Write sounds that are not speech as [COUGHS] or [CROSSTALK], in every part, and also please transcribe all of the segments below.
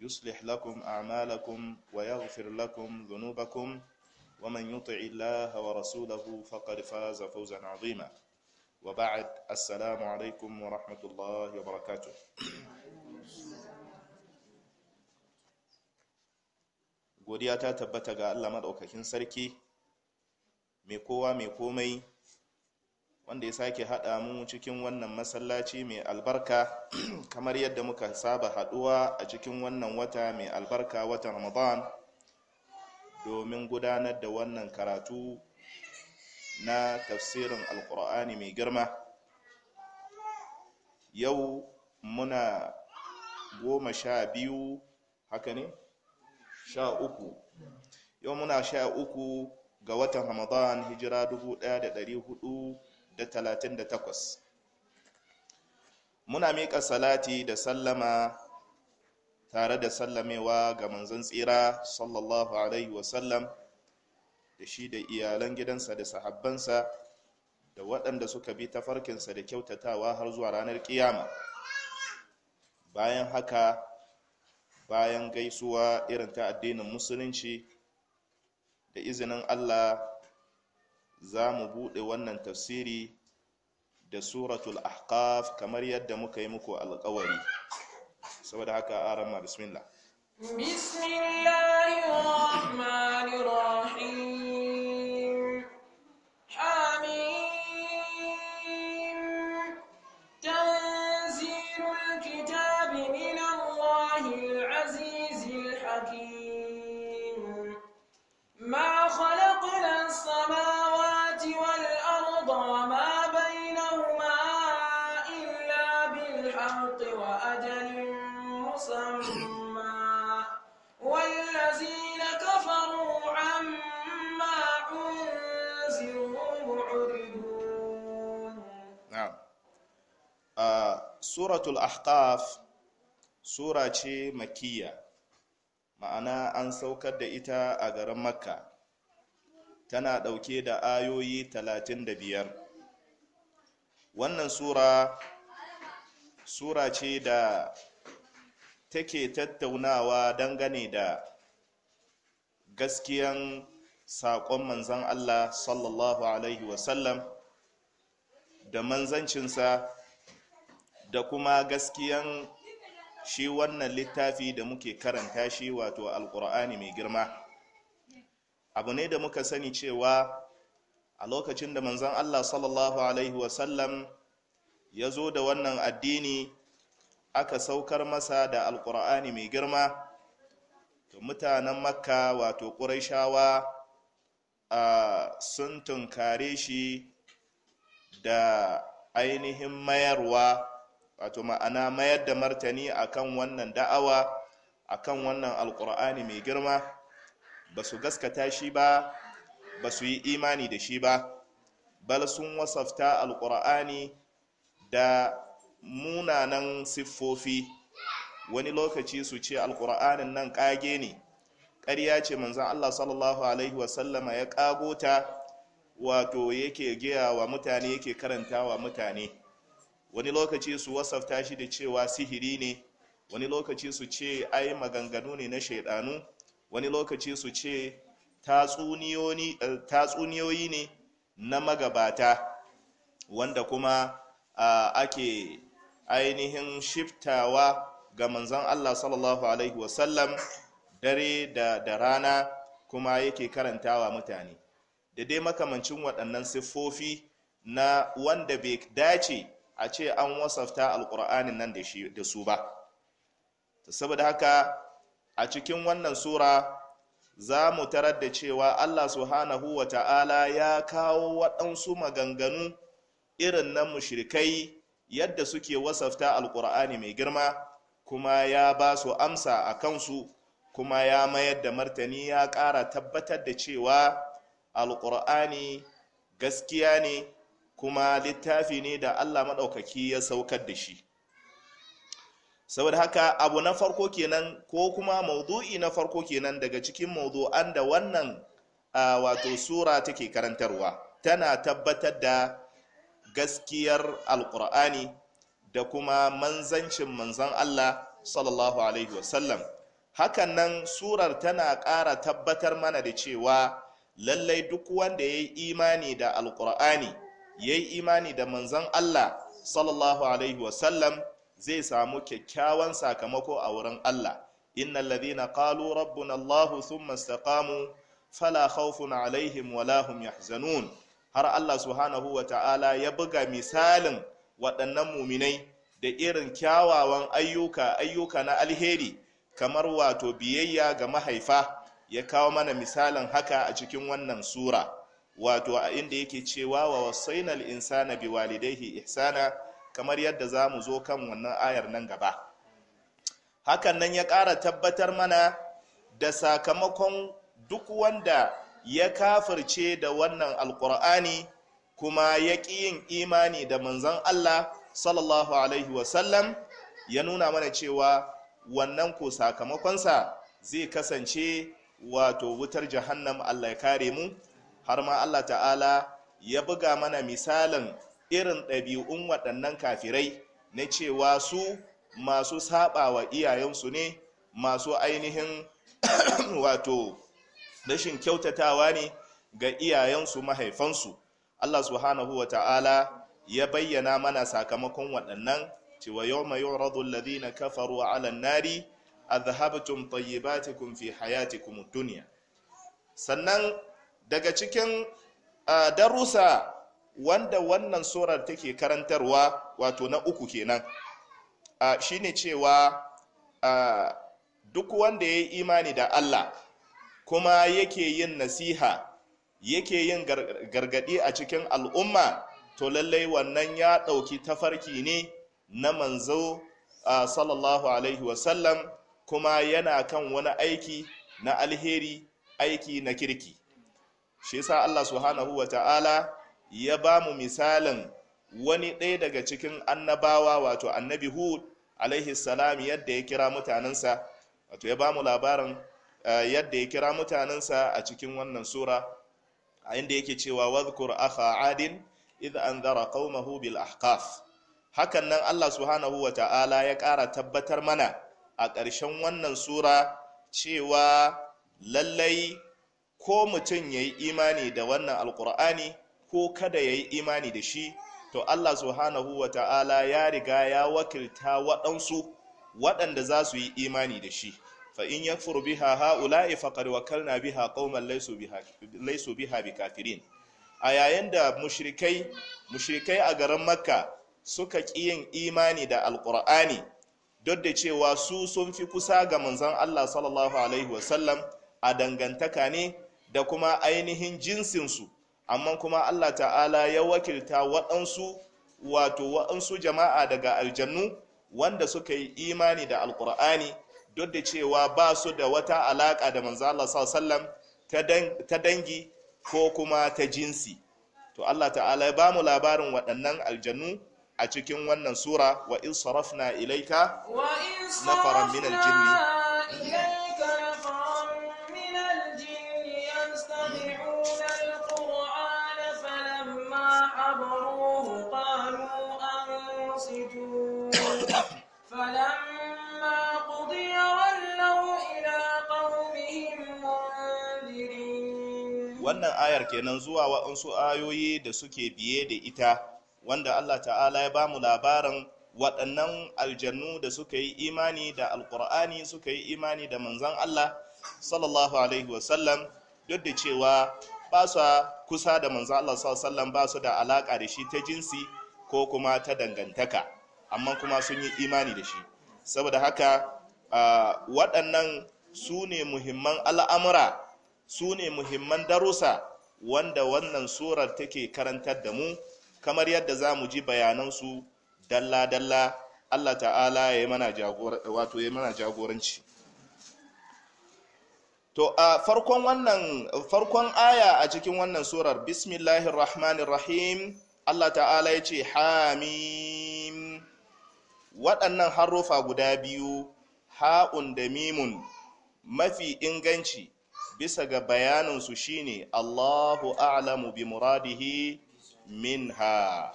يصلح لكم أعمالكم ويغفر لكم ذنوبكم ومن يطع الله ورسوله فقد فاز فوزا عظيما وبعد السلام عليكم ورحمة الله وبركاته godiya ta تبتغى ga Allah maɗaukakin sarki mai wanda ya sake haɗa mu cikin wannan masallaci mai albarka [CLEARS THROAT] kamar yadda muka saba haɗuwa a cikin wannan wata mai albarka watan ramadan domin gudanar da wannan karatu na tafsirin alkur'ani mai girma yau muna goma sha biyu haka ne sha uku yau muna sha uku ga watan ramadan hijira hudu da talatin da takwas muna miƙa salati da sallama tare da sallamewa ga manzan tsira sallallahu alaihi wasallam da shi da iyalan gidansa da sahabbansa da waɗanda suka bi tafarkinsa da kyautatawa har zuwa ranar ƙiyama bayan haka bayan gaisuwa irin ta addinin musulunci da izinin allah za mu buɗe wannan tafsiri da suratul ahqaf kamar yadda muka yi muku alƙawari saboda haka arama bismillah bismillahir rahmanir rahim suratul ahqaf sura ce makiyya ma'ana an saukar da ita a garin makka tana ɗauke da ayoyi 35 wannan sura sura ce da take tattaunawa dangane da gaskiyan saƙon manzan Allah sallallahu Alaihi wasallam da manzancinsa da kuma gaskiyan shi wannan littafi da muke karanta shi wato alkur'ani mai girma abu ne da muka sani cewa a lokacin da manzon allah sallallahu alaihi wasallam ya zo da wannan addini aka saukar masa da alkur'ani mai girma to mutanen makka wato ƙuraishawa sun tunkare shi da ainihin mayarwa wato ma'ana mayar da martani akan wannan da'awa akan wannan alkur'ani mai girma ba su gaskata shi ba ba su yi imani da shi ba bal sun wasafta alkur'ani da munanan siffofi wani lokaci su ce alkur'anin nan kage ne ƙarya ce manzan allah sallallahu alaihi wasallama ya ƙago ta wato yake gaya wa mutane yake karanta wa mutane wani lokaci su wasafta shi da cewa sihiri ne wani lokaci su ce ai maganganu ne na shaidanu wani lokaci su ce tatsuniyoyi eh, ne na magabata wanda kuma ake ainihin shiftawa ga manzan Allah sallallahu Alaihi wasallam dare da rana kuma yake karantawa mutane da dai makamancin waɗannan siffofi na wanda bai dace a ce an wasafta alƙur'anin nan da su ba saboda haka a cikin wannan sura za mu tarar da cewa allah subhanahu wa ta'ala ya kawo waɗansu maganganu irin na mushrikai yadda suke wasafta alƙur'ani mai girma kuma ya ba su amsa a kansu kuma ya mayar da martani ya ƙara tabbatar da cewa alƙur'ani gaskiya ne kuma littafi ne da Allah maɗaukaki ya saukar da shi saboda haka abu na farko kenan ko kuma maudu'i na farko kenan daga cikin maudu'an da wannan wato sura take karantarwa tana tabbatar da gaskiyar alkur'ani da kuma manzancin manzan Allah sallallahu alaihi wasallam hakan nan surar tana ƙara tabbatar mana da cewa lallai duk wanda ya yi imani da alkur'ani ya yi imani da manzan Allah sallallahu alaihi wasallam zai samu kyakkyawan sakamako a wurin Allah innal ladhina qalu rabbuna Allahu thumma istaqamu fala khawfun alaihim wala hum yahzanun har Allah subhanahu wa ta'ala ya buga misalin waɗannan muminai da irin kyawawan ayyuka ayyuka na alheri kamar wato biyayya ga mahaifa ya kawo mana misalin haka a cikin wannan sura wato a inda yake cewa wa wasainal insana walidaihi ihsana kamar yadda za mu zo kan wannan ayar nan gaba hakan nan ya ƙara tabbatar mana da sakamakon duk wanda ya kafirce da wannan alkur'ani kuma ya ƙi yin imani da manzan Allah sallallahu alaihi wasallam ya nuna mana cewa wannan ko sakamakonsa zai kasance wato wutar jahannam Allah ya kare mu har ma Allah ta'ala ya buga mana misalin irin ɗabi'un waɗannan kafirai na cewa su masu saba wa iyayensu ne masu ainihin [COUGHS] wato rashin kyautatawa ne ga iyayensu mahaifansu Allah subhanahu wa ta'ala ya bayyana mana sakamakon waɗannan cewa yau mai yu'radu alladhina kafaru ala nari adhhabtum tayyibatikum fi hayatikum duniya sannan daga cikin darusa wanda wannan surar take karantarwa wato na uku kenan shine cewa duk wanda ya yi imani da Allah kuma yake yin nasiha yake yin gargadi a cikin al'umma to lallai wannan ya ɗauki tafarki ne na manzo sallallahu alaihi wasallam kuma yana kan wani aiki na alheri aiki na kirki shi yasa Allah subhanahu wata'ala ya ba mu misalin wani ɗaya daga cikin annabawa wato annabi hud alaihi salam yadda ya kira mutanensa wato ya ba mu labarin eh, yadda ya kira mutanensa a cikin wannan sura a inda yake cewa wadhkur akha adin idh anzara qaumahu bil ahqaf hakan nan Allah subhanahu wata'ala ya ƙara tabbatar mana a ƙarshen wannan sura cewa lallai ko mutum ya yi imani da wannan alkur'ani ko kada ya yi imani da shi to allah subhanahu wa ta'ala ya riga ya wakilta waɗansu waɗanda za su yi imani da shi fa in ya biha ha'ula'i faqad wakalna biha qauman laysu biha bikafirin a yayin da mushrikai a garin makka suka ki yin imani da alkur'ani duk da cewa su sun fi kusa ga manzon allah sallallahu alaihi wasallam a dangantaka ne da kuma ainihin jinsinsu amma kuma allah ta'ala ya wakilta waɗansu wato waɗansu jama'a daga aljannu wanda suka yi imani da alƙur'ani duk da cewa ba su da wata alaƙa da manzo allah sallam ta dangi ko kuma ta jinsi to allah ta'ala ya ba mu labarin waɗannan aljannu a cikin wannan sura wa in sarafna ilaika nafaran min ilaika nafaran min aljinni يستمعون القرآن فلما حضروه قالوا أنصتوا فلما قضي ولوا إلى قومهم منذرين wannan ayar kenan zuwa waɗansu ayoyi da suke biye da ita wanda Allah ta'ala ya bamu labarin waɗannan aljannu da suka yi imani da alƙur'ani suka yi imani da manzan Allah sallallahu alaihi wasallam duk da cewa ba su kusa da manzo Allah sallallahu ba su da alaka da shi ta jinsi ko kuma ta dangantaka amma kuma sun yi imani da shi saboda haka waɗannan su ne muhimman al'amura su ne muhimman darussa wanda wannan surar take karantar da mu kamar yadda za mu ji bayanansu dalla-dalla Allah ta'ala ya yi mana jagoranci to a farkon wannan farkon aya a cikin wannan surar bismillahir rahmanir Allah ta'ala ya ce hamim waɗannan harrufa guda biyu ha'un da mimun mafi inganci bisa ga bayaninsu shine Allahu a'lamu bi muradihi minha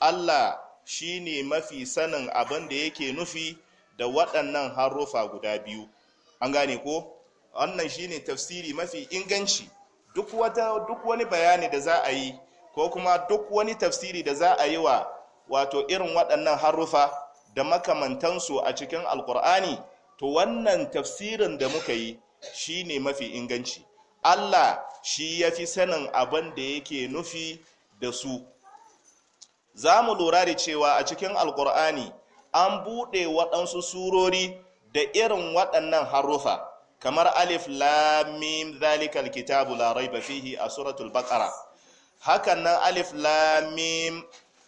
Allah shine mafi sanin abin da yake nufi da waɗannan harrufa guda biyu an gane ko wannan shine tafsiri mafi inganci duk wani bayani da za a yi ko kuma duk wani tafsiri da za a yi wa wato irin waɗannan harufa da makamantansu a cikin alkur'ani to wannan tafsirin da muka yi shine mafi inganci allah shi ya fi sanin abin da yake nufi da su za mu lura da cewa a cikin alkur'ani an buɗe waɗansu surori da irin waɗannan harufa kamar alif lam mim zalikal kitabu la raiba fihi a suratul baqara hakan nan alif lam mim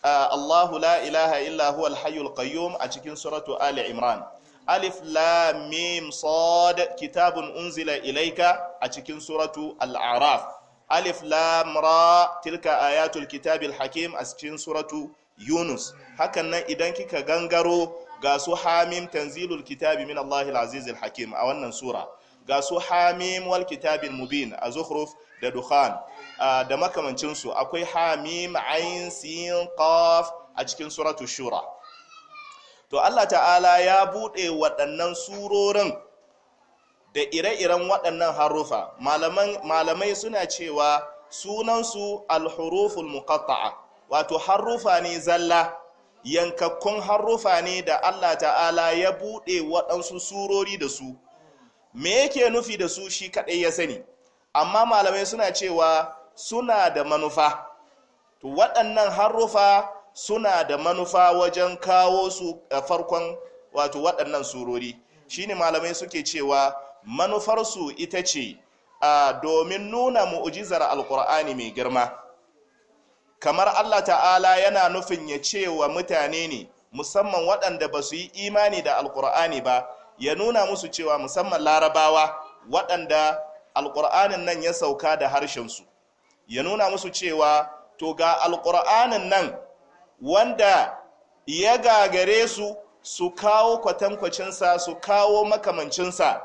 Allahu la ilaha illa huwal hayyul qayyum a cikin suratu ali imran alif lam mim sad kitabun unzila ilayka a cikin suratu al-araf alif lam ra tilka ayatul kitabil hakim a cikin suratu yunus hakan nan idan kika gangaro ga su hamim tanzilul kitabi min allahil azizil hakim a wannan sura ga su hamim wal mubin a zuhruf da duhan da makamancinsu akwai hamim ayin sin a cikin suratu shura to Allah ta'ala ya buɗe waɗannan surorin da ire-iren waɗannan harufa malamai suna cewa sunansu alhuruful muqatta'a wato harufa ne zalla yankakkun harufa ne da Allah ta'ala ya buɗe waɗansu surori da su me yake nufi da su shi kaɗai ya sani amma malamai suna cewa suna da manufa waɗannan harufa suna da manufa wajen kawo su a farkon wato waɗannan surori Shi shine malamai suke cewa manufarsu ita ce domin nuna mu'ujizar alkur'ani mai girma kamar allah ta'ala yana nufin ya ce wa mutane ne musamman waɗanda ba su yi imani da alkur'ani ba ya nuna musu cewa musamman larabawa waɗanda alƙur'anin nan ya sauka da harshensu ya nuna musu cewa to ga alƙur'anin nan wanda ya gagare su su kawo kwatankwacinsa su kawo makamancinsa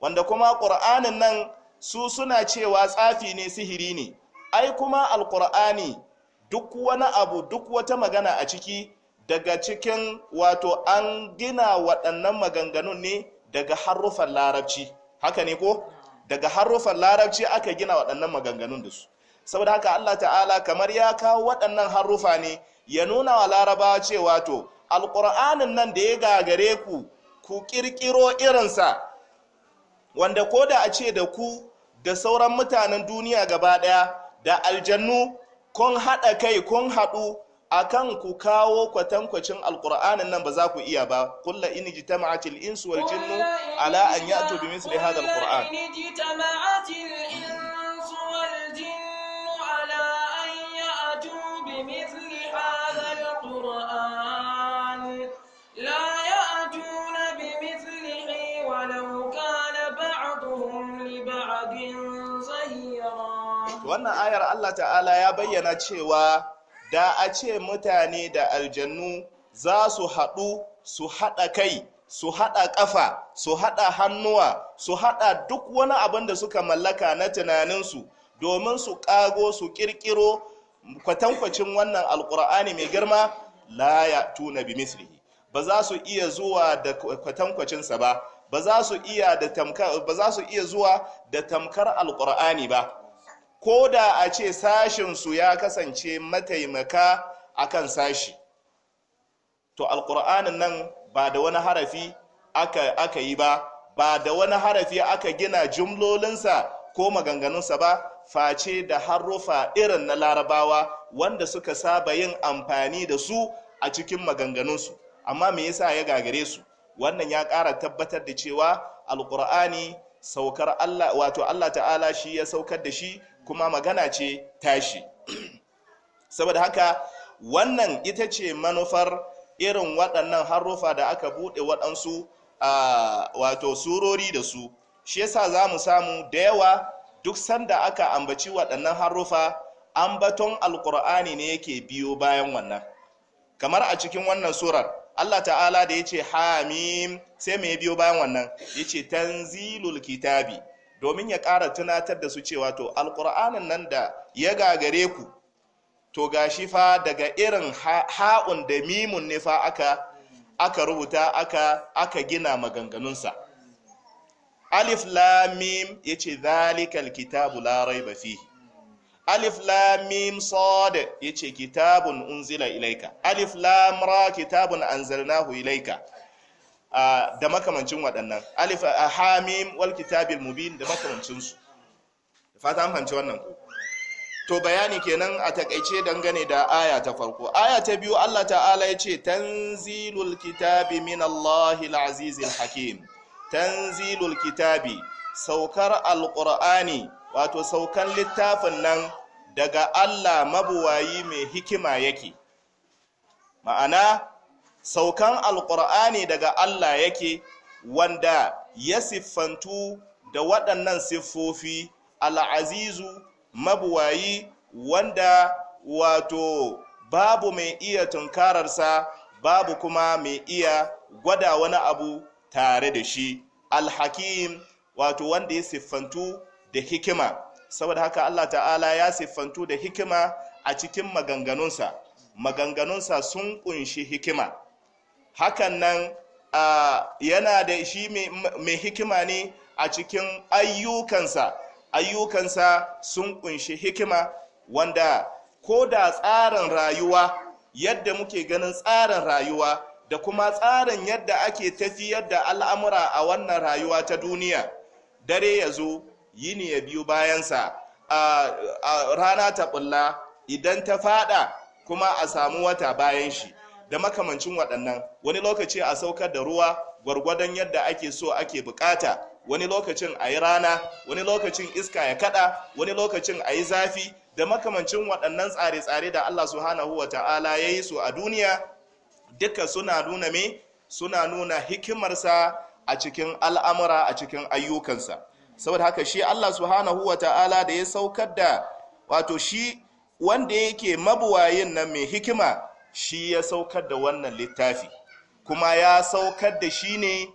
wanda kuma ƙur'anin nan su suna cewa tsafi ne sihiri ne ai kuma alƙur'ani duk wani abu duk wata magana a ciki daga cikin wato an gina waɗannan maganganun ne daga harufan larabci haka ne ko daga harufan larabci aka gina waɗannan maganganun da su saboda haka Allah ta'ala kamar ya kawo waɗannan harufa ne ya nuna wa laraba ce wato, alƙur'anin nan da ya gagare ku ku ƙirƙiro irinsa wanda ko da a ce da ku da sauran mutanen duniya gaba ɗaya da aljannu kun haɗa kai kun haɗu akan ku kawo kwatankwacin alqur'anin nan ba za ku iya ba kula in jitama'at al-insu wal jinnu ala an ya'tu bi misli hadha al wannan ayar Allah ta'ala ya bayyana cewa da a ce mutane da aljannu za su haɗu su haɗa kai su haɗa ƙafa su haɗa hannuwa su haɗa duk wani abin da suka mallaka na tunaninsu domin su ƙago su ƙirƙiro kwatankwacin wannan alƙur'ani mai girma la ya tuna bi misri ba za su iya zuwa da kwatankwacinsa ba ba za su iya zuwa da tamkar alƙur'ani ba ko da a ce sashinsu ya kasance mataimaka akan sashi to alkur'anin nan ba da wani harafi aka, yi ba ba da wani harafi aka gina jumlolinsa ko maganganunsa ba face da harufa irin na larabawa wanda suka saba yin amfani da su a cikin maganganunsu amma me yasa ya gagare su wannan ya ƙara tabbatar da cewa alkur'ani saukar allah wato allah ta'ala shi ya saukar da shi kuma magana ce tashi saboda haka wannan ita ce manufar irin waɗannan harufa da aka buɗe waɗansu a wato surori da su shi yasa za mu samu da yawa duk sanda aka ambaci waɗannan harufa ambaton alkur'ani ne yake biyo bayan wannan kamar a cikin wannan surar Allah ta'ala da ya ce hamim sai mai biyo bayan wannan ya ce tanzilul kitabi domin ya ƙara tunatar da su cewa to alƙur'anin nan da ya gagare ku to gashi fa daga irin ha'un da mimun ne fa aka rubuta aka aka gina maganganunsa alif lam mim yace zalikal kitabu la raiba fi alif lam mim sad yace kitabun unzila ilaika alif lam ra kitabun anzalnahu ilaika da makamancin waɗannan alif hamim wal kitabil mubin da makamancin su da fata an fahimci wannan to bayani kenan a takaice dangane da aya ta farko aya ta biyu Allah ta'ala ya ce tanzilul kitabi min Allahil azizil hakim tanzilul kitabi saukar alqur'ani wato saukan littafin nan daga Allah mabuwayi mai hikima yake ma'ana saukan alƙur'ani daga Allah yake wanda ya siffantu da waɗannan siffofi al'azizu mabuwayi wanda wato babu mai iya tunkararsa babu kuma mai iya gwada wani abu tare da shi alhakim wato wanda ya siffantu da hikima saboda haka Allah ta'ala ya siffantu da hikima a cikin maganganunsa maganganunsa sun kunshi hikima hakan nan yana da shi mai hikima ne a cikin ayyukansa ayyukansa sun kunshi hikima wanda ko da tsarin rayuwa yadda muke ganin tsarin rayuwa da kuma tsarin yadda ake tafiyar da al'amura a wannan rayuwa ta duniya dare ya zo yini ya biyu bayansa a rana ta bulla idan ta fada kuma a samu wata bayan shi da makamancin waɗannan wani lokaci a saukar da ruwa gwargwadon yadda ake so ake bukata wani lokacin a yi rana wani lokacin iska ya kada wani lokacin a yi zafi da makamancin waɗannan tsare-tsare da Allah subhanahu wa ta'ala ya yi su a duniya duka suna nuna me suna nuna hikimarsa a cikin al'amura a cikin ayyukansa saboda haka shi Allah subhanahu wa ta'ala da ya saukar da wato shi wanda yake mabuwayin nan mai hikima shi ya saukar da wannan littafi kuma ya saukar da shi ne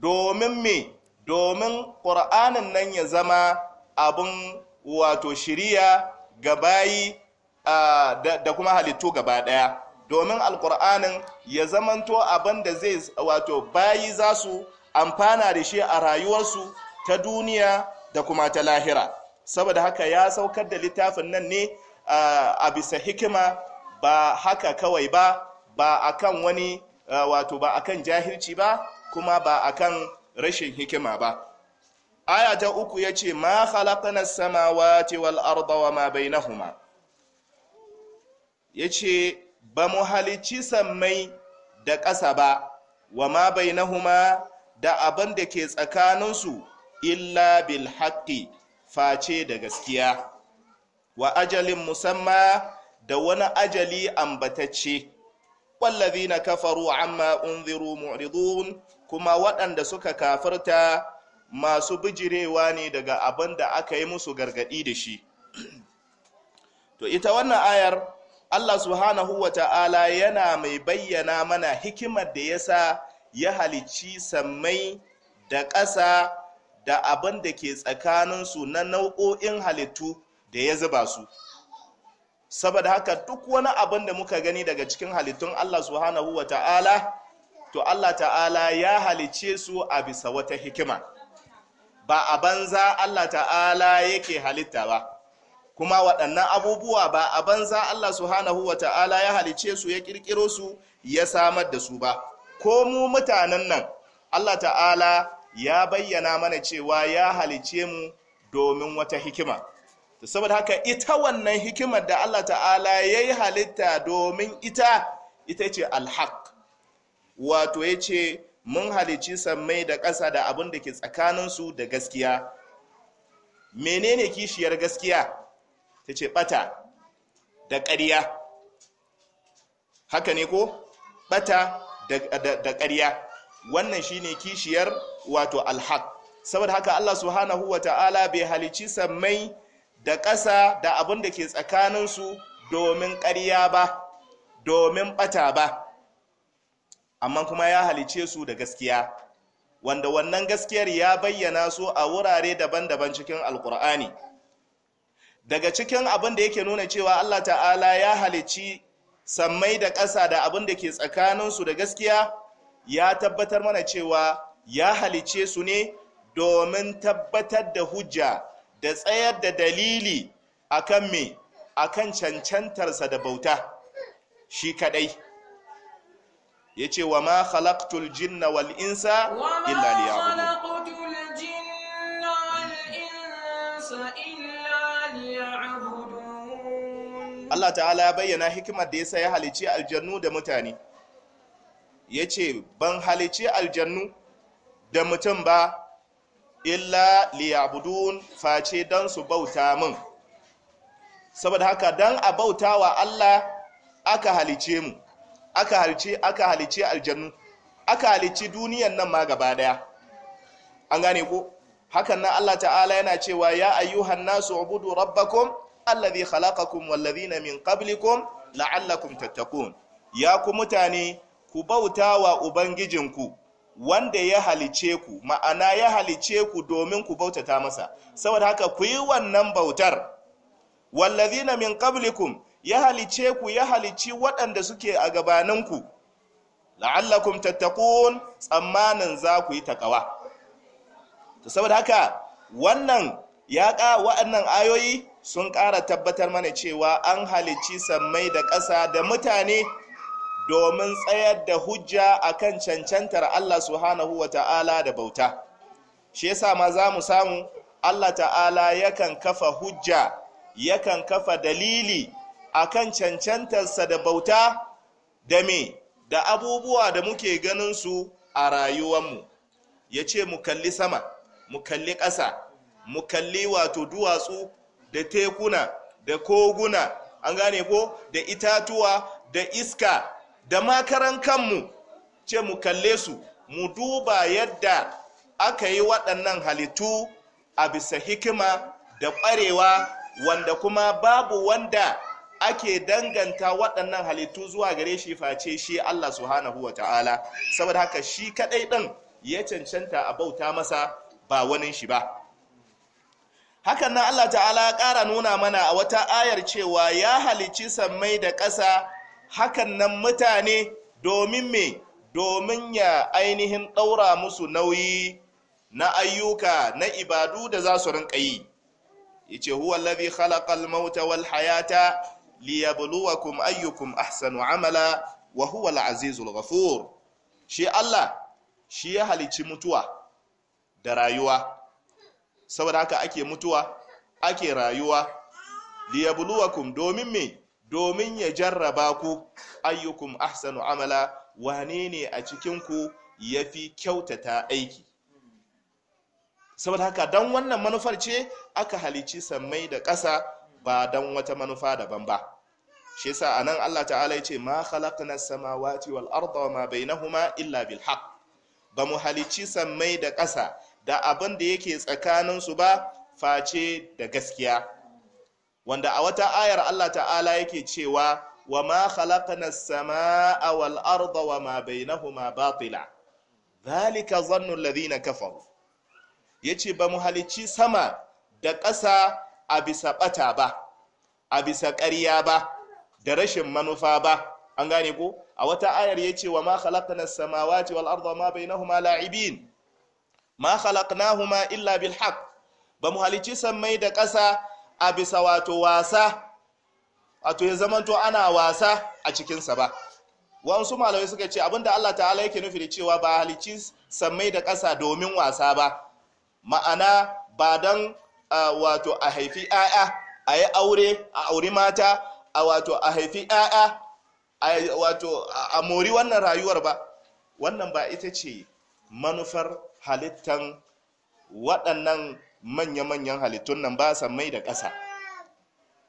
domin me domin ƙur'anin nan ya zama abin wato shiriya ga da kuma halittu gaba ɗaya domin alƙur'anin ya zamanto abin da zai wato bayi za su amfana da shi a rayuwarsu ta duniya da kuma ta lahira saboda haka ya saukar da littafin nan ne a bisa hikima ba haka kawai ba ba akan wani eh, wato ba akan jahilci ba kuma ba akan rashin hikima ba aya ta uku ce ma khalaqna as-samawati wal wa ma bainahuma ce ba mu halici sammai da ƙasa ba wa ma bainahuma da abin da ke tsakaninsu illa bil face da gaskiya wa ajalin musamman da wani ajali ambatacce na kafaru amma unziru mu'ridun kuma waɗanda suka kafirta masu bijirewa ne daga abin da aka yi musu gargaɗi da shi to ita wannan ayar Allah subhanahu wa ta'ala yana mai bayyana mana hikimar da yasa ya halicci sammai da ƙasa da abin da ke tsakaninsu na nau'o'in halittu da ya zuba su saboda haka duk wani abin da muka gani daga cikin halittun Allah subhanahu wa ta'ala to Allah ta'ala ya halice su a bisa wata hikima ba a banza Allah ta'ala yake halitta ba kuma waɗannan abubuwa ba a banza Allah subhanahu wa ta'ala ya halice su ya ƙirƙiro su ya samar da su ba ko mu mutanen nan Allah ta'ala ya bayyana mana cewa ya halice mu domin wata hikima to saboda haka ita wannan hikimar da Allah ta'ala ya yi halitta domin ita ita ce alhaq wato ya ce mun halici sammai da ƙasa da abin da ke tsakaninsu da gaskiya menene kishiyar gaskiya ta ce ɓata da ƙarya haka ne ko ɓata da ƙarya wannan shine kishiyar wato alhaq saboda haka Allah subhanahu wa ta'ala bai halici sammai da ƙasa da abin da ke tsakaninsu domin ƙarya ba domin ɓata ba amma kuma ya halice su da gaskiya wanda wannan gaskiyar ya bayyana su a wurare daban-daban cikin alkur'ani daga cikin abin da yake nuna cewa allah ta'ala ya halici sammai da ƙasa da abin da ke tsakaninsu da gaskiya ya tabbatar mana cewa ya halice su ne domin tabbatar da hujja da tsayar da dalili akan me akan cancantarsa da bauta shi kadai yace wa ma khalaqtul jinna wal insa illa liya'budun Allah ta'ala ya bayyana hikimar da ya ya halici aljannu da mutane yace ban halici aljannu da mutum ba illa liyabudun face don su bauta min saboda haka don a bauta wa Allah aka halice mu aka halice aka halice aljannu aka halice duniyan nan ma gaba daya an gane ko hakan nan Allah ta'ala yana cewa ya ayyuhan nasu ubudu rabbakum alladhi khalaqakum wallazina min qablikum la'allakum tattaqun ya ku mutane ku bauta wa ubangijinku wanda ya halice ku ma'ana ya halice ku domin ku bautata masa saboda haka ku yi wannan bautar wallazina min qablikum ya halice ku ya halici waɗanda suke a gabaninku la'allakum tattaqun tsammanin za ku yi takawa to saboda haka wannan ya ka waɗannan ayoyi sun ƙara tabbatar mana cewa an halici sammai da ƙasa da mutane domin tsayar da hujja akan cancantar Allah subhanahu wa ta'ala da bauta shi yasa ma za mu samu Allah ta'ala yakan kafa hujja yakan kafa dalili a kan cancantarsa da bauta da me da abubuwa da muke ganin su a rayuwanmu ya ce mu kalli sama mu kalli ƙasa mu kalli wato duwatsu da tekuna da koguna an gane ko da itatuwa da iska da makaran kanmu ce mu kalle su mu duba yadda aka yi waɗannan halittu a bisa hikima da ƙwarewa wanda kuma babu wanda ake danganta waɗannan halittu zuwa gare shi face shi Allah subhanahu wa ta'ala saboda haka shi kaɗai ɗin ya cancanta a bauta masa ba wani shi ba hakan nan Allah ta'ala ƙara nuna mana a wata ayar cewa ya halicci sammai da ƙasa hakan nan mutane domin me domin ya ainihin ɗaura musu nauyi na ayyuka na ibadu da za su rinka yi yace huwa allazi khalaqal mauta wal hayata liyabluwakum ayyukum ahsanu amala wa huwa al azizul ghafur shi Allah shi ya halici mutuwa da rayuwa saboda haka ake mutuwa ake rayuwa liyabluwakum domin me domin ya jarraba ku ayyukum ahsanu amala wane ne a cikinku ya fi kyautata aiki saboda haka don wannan manufar ce aka halici sammai da ƙasa ba don wata manufa daban ba shi yasa anan Allah ta'ala ya ce ma khalaqna samawati wal arda wa ma bainahuma illa bil haq. ba mu halici sammai da ƙasa da abin da yake tsakaninsu ba face da gaskiya wanda a wata ayar Allah ta'ala yake cewa wa ma khalaqna as-samaa'a wal arda wa ma bainahuma batila dhalika dhannu alladhina kafaru yace ba mu halicci sama da ƙasa a bisa bata ba a bisa ƙarya ba da rashin manufa ba an gane ko a wata ayar yace wa ma khalaqna as-samawati wal arda ma bainahuma la'ibin ma khalaqnahuma illa bil haqq ba mu halicci sammai da ƙasa a bisa wato wasa wato ya zamanto ana wasa a cikinsa ba wasu malamai suka ce abinda Allah ta'ala yake nufi da cewa ba halicci sammai da ƙasa domin wasa ba ma'ana ba don wato a haifi 'ya'ya a yi aure a auri mata a wato a haifi 'ya'ya a wato a mori wannan rayuwar ba wannan ba ita ce manufar halittan waɗannan manya-manyan halittun nan ba mai da ƙasa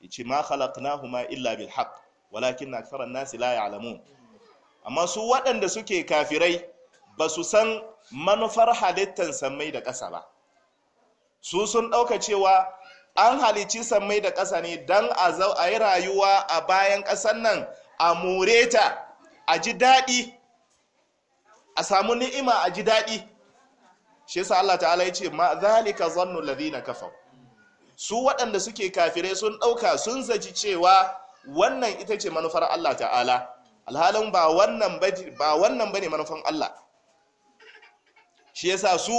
yace ma khalaqnahuma illa bil haqq walakin nasi la ya'lamun amma su waɗanda suke kafirai ba su san manufar halittan mai da ƙasa ba su sun ɗauka cewa an halici mai da ƙasa ne dan a yi rayuwa a bayan ƙasan nan a moreta a ji daɗi a samu ni'ima a ji daɗi shi yasa Allah ta'ala ya ce ma zalika zannu ladina kafar su waɗanda suke kafirai sun ɗauka sun zaci cewa wannan ita ce manufar Allah ta'ala alhalin ba wannan ba wannan bane manufan Allah shi yasa su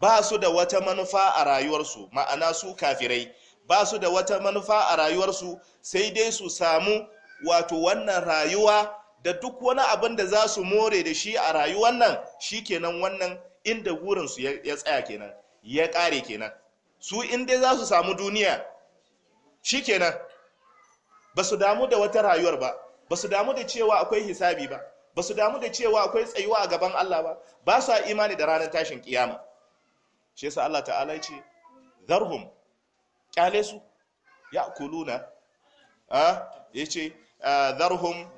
ba su da wata manufa a rayuwarsu ma'ana su kafirai ba su da wata manufa a rayuwarsu sai dai su samu wato wannan rayuwa da duk wani abin da za su more da shi a rayuwar nan shi shikenan wannan inda gurinsu ya tsaya kenan ya ƙare kenan su inda za su samu duniya shi kenan ba su damu da wata rayuwar ba ba su damu da cewa akwai hisabi ba ba su damu da cewa akwai tsayuwa a gaban Allah ba ba su imani da ranar tashin kiyama shi yasa Allah ta'ala ya ce zarhum kyale su ya kuluna [CLEARS THROAT] a ya ce zarhum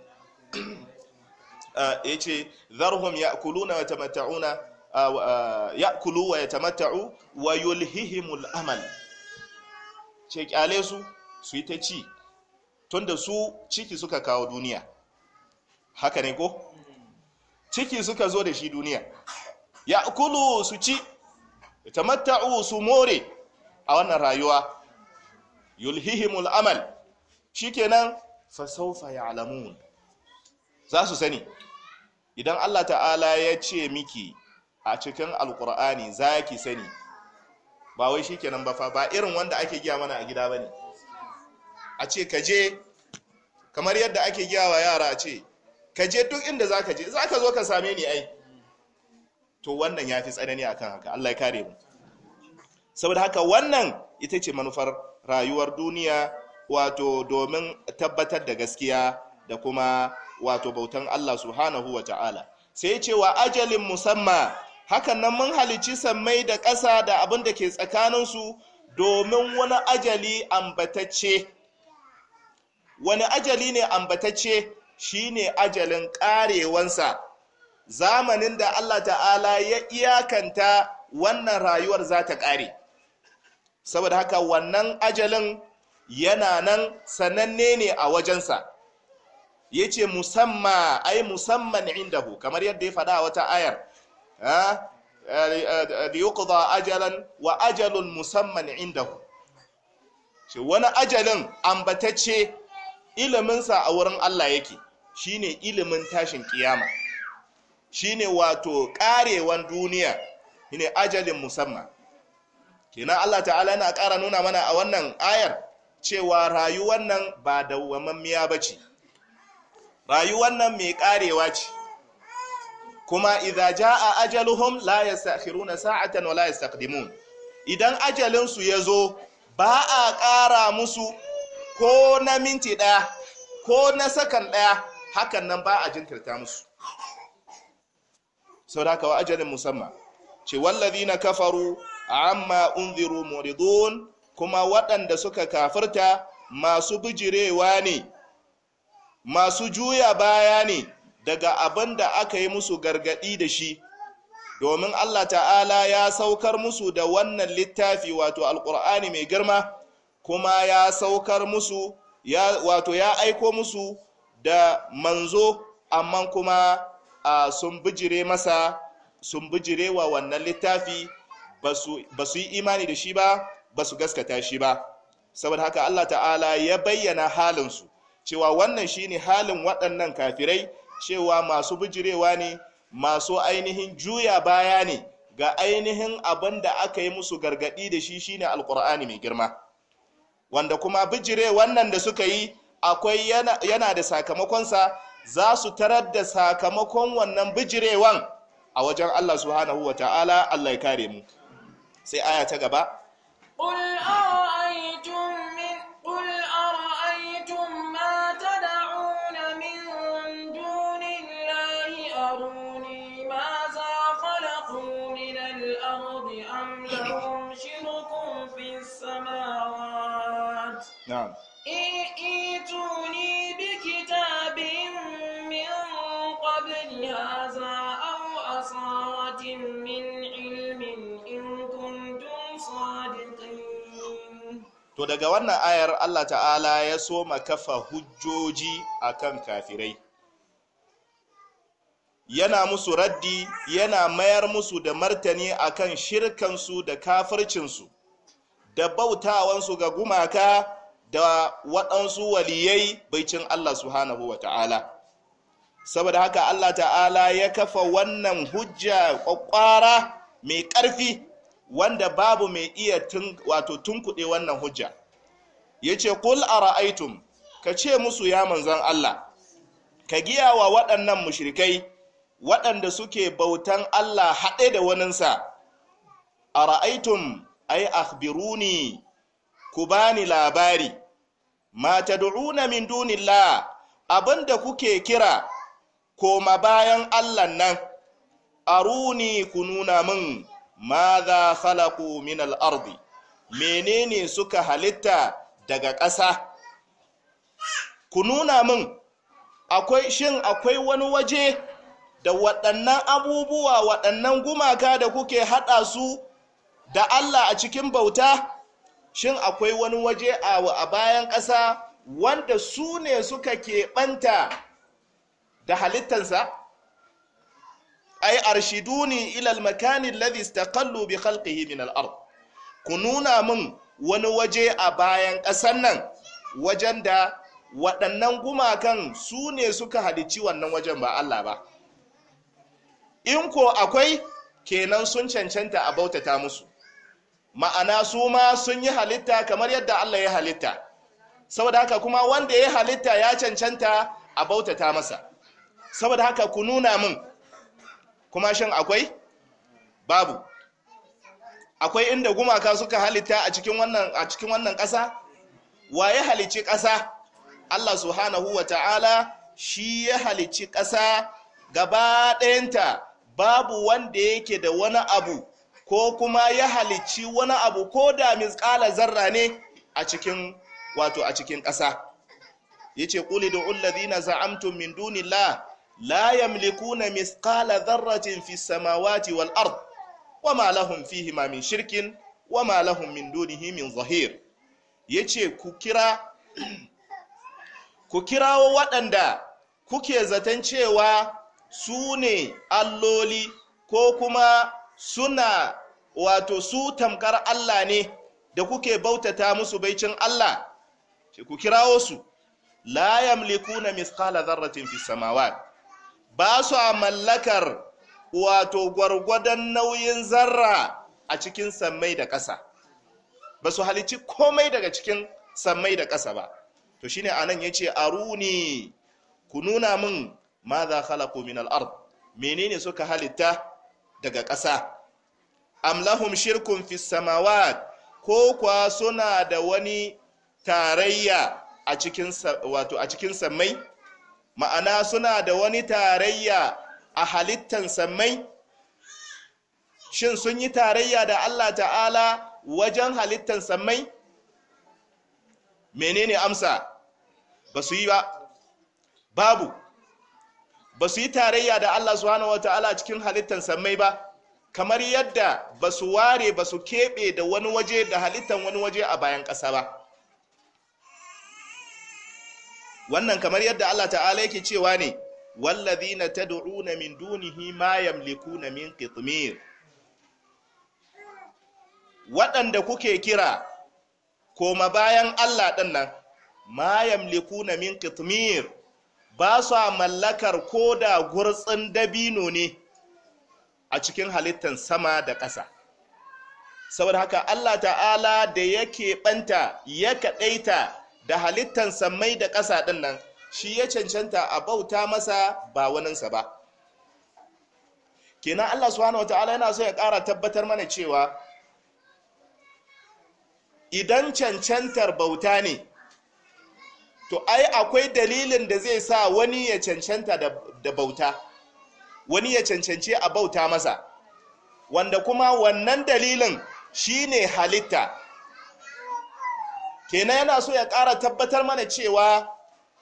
ya ce zarhum ya kuluna wa tamatta'una ya'kulu wa yatamatta'u wa yulhihimul amal ce kyale su su yi ta ci tunda su ciki suka kawo duniya haka ne ko ciki suka zo da shi duniya ya'kulu su ci yatamatta'u su more a wannan rayuwa yulhihimul amal shikenan fa sawfa ya'lamun za su sani idan Allah ta'ala ya ce miki a cikin alkur'ani za ki sani ba wai shi shikenan ba fa ba irin wanda ake giya mana a gida bane a ce ka je kamar yadda ake giya wa yara a ce ka je duk inda za ka je za ka zo ka same ni ai to wannan ya fi tsanani akan haka Allah ya kare mu saboda haka wannan ita ce manufar rayuwar duniya wato domin tabbatar da gaskiya da kuma wato bautan Allah subhanahu wa ta'ala sai cewa ajalin musamman hakan nan mun halici sammai da ƙasa da abin da ke tsakaninsu domin wani ajali ambatacce wani ajali ne ambatacce shine ajalin ƙarewansa zamanin da Allah ta'ala ya iyakanta wannan rayuwar za ta ƙare saboda haka wannan ajalin yana nan sananne ne a wajensa ya ce musamman ai musamman indahu kamar yadda ya faɗa wata ayar liyuqda ajalan wa ajalun musamman indahu shi wani ajalin ambatacce iliminsa a wurin Allah yake shine ilimin tashin kiyama shine wato karewan duniya shine ajalin musamman kenan Allah ta'ala yana ƙara nuna mana a wannan ayar cewa rayuwar nan ba dawwamammiya bace rayuwar nan mai karewa ce kuma idza jaa ajaluhum la yastakhiruna sa'atan wa la yastaqdimun idan ajalin su yazo ba a ƙara musu ko na minti daya ko na sakan daya hakan nan ba a jinkirta musu saboda wa ajalin musamma ce wallazina kafaru amma unziru muridun kuma waɗanda suka kafirta masu bijirewa ne masu juya baya ne daga abin da aka yi musu gargaɗi da shi domin Allah ta'ala ya saukar musu da wannan littafi wato alkur'ani mai girma kuma ya saukar musu ya wato ya aiko musu da manzo amma kuma a sun bijire masa sun bijire wa wannan littafi ba su yi imani da shi ba ba su gaskata shi ba saboda haka Allah ta'ala ya bayyana halinsu cewa wannan shi ne halin waɗannan kafirai cewa masu bijirewa ne masu ainihin juya baya ne ga ainihin abin da aka yi musu gargadi da shi shine alkur'ani mai girma wanda kuma bijire wannan da suka yi akwai yana, da sakamakonsa za su tarar da sakamakon wannan bijirewan a wajen Allah subhanahu wa ta'ala Allah ya kare mu sai aya ta gaba نعم ائتوني بكتاب من قبل هذا أو أصارة من علم إن كنتم صادقين to daga wannan ayar Allah ta'ala ya soma kafa hujjoji a kan kafirai yana musu raddi yana mayar musu da martani a kan shirkansu da kafircinsu da bautawansu ga gumaka da waɗansu waliyai baicin Allah subhanahu wa ta'ala saboda haka Allah ta'ala ya kafa wannan hujja ƙwaƙwara mai ƙarfi wanda babu mai iya wato tunkuɗe wannan hujja ya ce kul a ra'aitum ka ce musu ya manzan Allah ka giya wa waɗannan mushrikai waɗanda suke bautan Allah haɗe da waninsa a ra'aitum ai akhbiruni ku bani labari ma tad'una min dunillah abinda kuke kira koma bayan Allah nan aruni ku nuna min madha khalaqu min al menene suka halitta daga ƙasa ku nuna min akwai shin akwai wani waje da waɗannan abubuwa waɗannan gumaka da kuke haɗa su da Allah a cikin bauta shin akwai wani waje a bayan ƙasa wanda su ne suka keɓanta da halittansa ai arshiduni ilal makanin ta kallo bi khalqihi min al'ar ku nuna min wani waje a bayan ƙasan nan wajen da waɗannan gumakan su ne suka halicci wannan wajen ba Allah ba in ko akwai kenan sun cancanta a bautata musu ma'ana su ma sun yi halitta kamar yadda Allah ya halitta saboda haka kuma wanda ya halitta ya cancanta a bautata masa saboda haka ku nuna min kuma shin akwai babu akwai inda gumaka suka halitta a cikin wannan a cikin wannan ƙasa waye halicci ƙasa Allah subhanahu wata'ala shi ya halicci ƙasa gaba ɗayanta babu wanda yake da wani abu ko kuma ya halicci wani abu ko da misƙala zarra ne a cikin wato a cikin ƙasa Ya ce, yace da ud'u na za'amtun min duni la na mithqala dharratin fi samawati wal ard ma lahum fi ma min shirkin ma lahum min dunihi min zahir yace ku kira ku kirawo waɗanda kuke zaton cewa su ne alloli ko kuma suna wato su tamkar Allah ne da kuke bautata musu baicin Allah shi ku kirawo su la yamlikuna misqala dharratin fis samawat ba su mallakar wato gwargwadon nauyin zarra a cikin sammai da ƙasa ba su halici komai daga cikin sammai da ƙasa ba to shine anan yace aruni ku nuna min madha khalaqu min al-ard menene suka halitta daga ƙasa amlahum shirkun fi ko kuwa suna da wani tarayya a cikin wato a cikin sammai ma'ana suna da wani tarayya a halittan sammai shin sun yi tarayya da Allah ta'ala wajen halittan sammai menene amsa ba su yi ba babu ba su yi tarayya da Allah subhanahu wataala cikin halittan sammai ba kamar yadda ba su ware ba su keɓe da wani waje da halittan wani waje a bayan ƙasa ba wannan kamar yadda Allah ta'ala yake cewa ne wallazina na min dunihi ma na min qitmir waɗanda kuke kira koma bayan Allah ɗannan, nan ma na min qitmir ba sa mallakar ko da gurtsin dabino ne a cikin halittar sama da ƙasa saboda haka Allah ta'ala da yake ɓanta ya kaɗaita da halittar samai da ƙasa ɗin nan shi ya cancanta a bauta masa ba waninsa ba kenan Allah subhanahu wata'ala yana so ya ƙara tabbatar mana cewa idan cancantar bauta ne to ai akwai dalilin da zai sa wani ya cancanta da bauta wani ya cancanci a bauta masa wanda kuma wannan dalilin shine halitta kenan yana so ya ƙara tabbatar mana cewa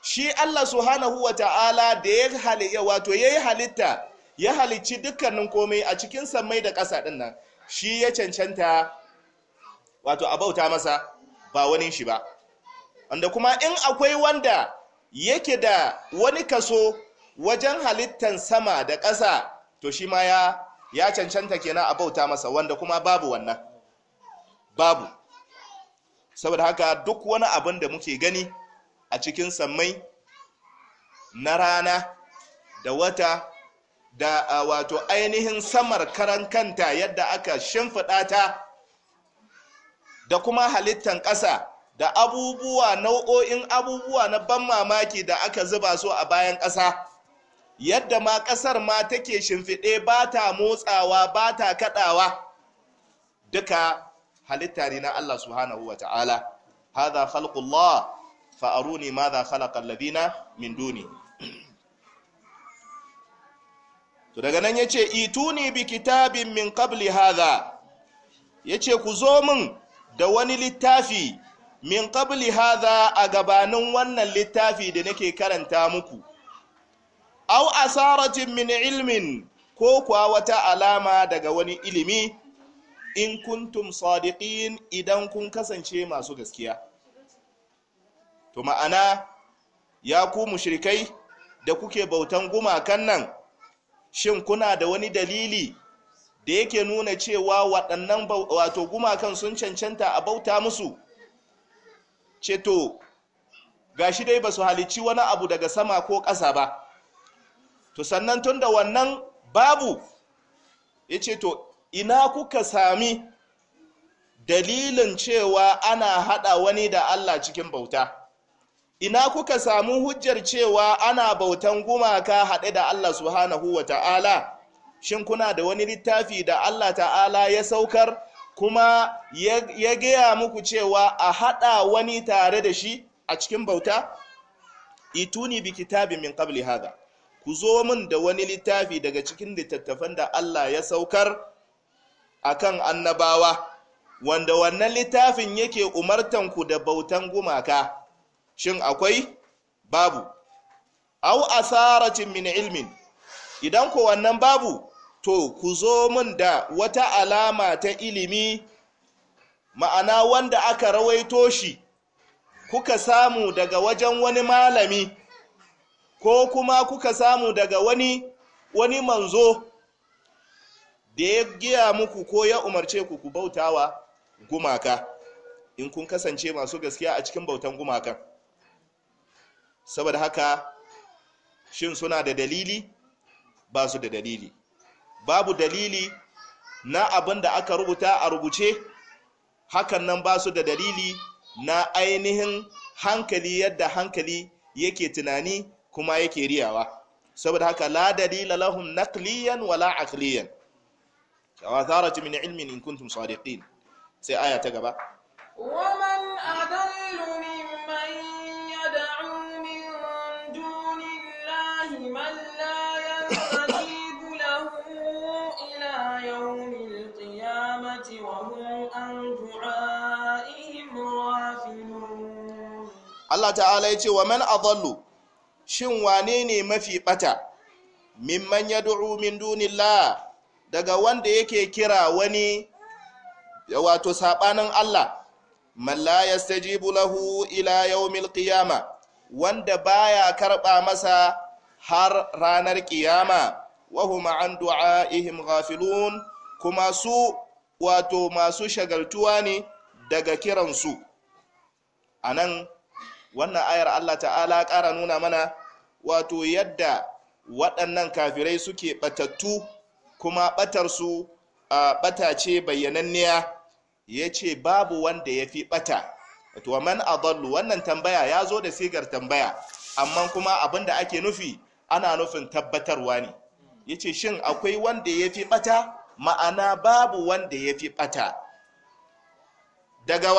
shi Allah subhanahu wa ta'ala da ya halitta wato ya yi halitta ya halicci dukkanin komai a cikin sammai da ƙasa ɗin nan shi ya cancanta wato a bauta masa ba wani shi ba wanda kuma in akwai wanda yake da wani kaso wajen halittan sama da ƙasa to shi ma ya ya cancanta kenan a bauta masa wanda kuma babu wannan babu saboda haka duk wani abin da muke gani a cikin sammai na rana da wata da wato ainihin samar karan kanta yadda aka shimfiɗa ta da kuma halittan ƙasa da abubuwa nau'o'in abubuwa na ban mamaki da aka zuba su a bayan ƙasa yadda ma ƙasar ma take shimfiɗe ba ta motsawa ba ta kaɗawa duka halitta ne na Allah subhanahu wa ta'ala hadha khalqullah fa aruni za khalaqa alladhina min duni to daga nan yace ituni bi kitabin min qabli hadha yace ku zo min da wani littafi min qabli hadha a gabanin wannan littafi da nake karanta muku aw asaratin min ilmin ko kuwa wata alama daga wani ilimi in kuntum sadiqin idan kun kasance masu gaskiya to ma'ana ya ku mushrikai da kuke bautan gumakan nan shin kuna da wani dalili da yake nuna cewa waɗannan wato gumakan sun cancanta a bauta musu ceto gashi dai ba su halici wani abu daga sama ko ƙasa ba to sannan tun da wannan babu ya to ina kuka sami dalilin cewa ana haɗa wani da Allah cikin bauta ina kuka samu hujjar cewa ana bautan gumaka haɗe da Allah subhanahu wa ta'ala shin kuna da wani littafi da Allah ta'ala ya saukar kuma ya gaya muku cewa a haɗa wani tare da shi a cikin bauta ituni bi kitabin min qabli hada ku zo min da wani littafi daga cikin littattafan da Allah ya saukar akan annabawa wanda wannan littafin yake umartan ku da bautan gumaka shin akwai babu au asaratin min ilmin idan ku wannan babu to ku zo mun da wata alama ta ilimi ma'ana wanda aka rawaito shi kuka samu daga wajen wani malami ko kuma kuka samu daga wani wani manzo da ya giya muku ko ya umarce ku ku bautawa gumaka in kun kasance masu gaskiya a cikin bautan gumaka saboda haka shin suna da dalili ba su da dalili babu dalili na abin da aka rubuta a rubuce hakan nan ba su da dalili na ainihin hankali yadda hankali yake tunani kuma yake riyawa saboda haka la dalila lahum naqliyan wala aqliyan kawa tharatu min ilmin in kuntum sadiqin sai aya ta gaba waman adallu Allah ta'ala ya ce wa man adallu shin wane ne mafi bata mimman yad'u min dunillah daga wanda yake kira wani wato sabanin Allah man la yastajibu lahu ila yawmil qiyama wanda baya karba masa har ranar kiyama wa huma an du'aihim ghafilun kuma su wato masu shagaltuwa ne daga kiransu anan wannan ayar Allah ta'ala ƙara nuna mana wato yadda waɗannan kafirai suke ɓatattu kuma ɓatarsu a ɓata ce bayyananniya ya ce babu wanda ya fi ɓata wato man adallu wannan tambaya ya zo da sigar tambaya amma kuma abin da ake nufi ana nufin tabbatarwa ne ya ce shin akwai wanda ya fi ɓata ma'ana babu wanda ya fi ɓata daga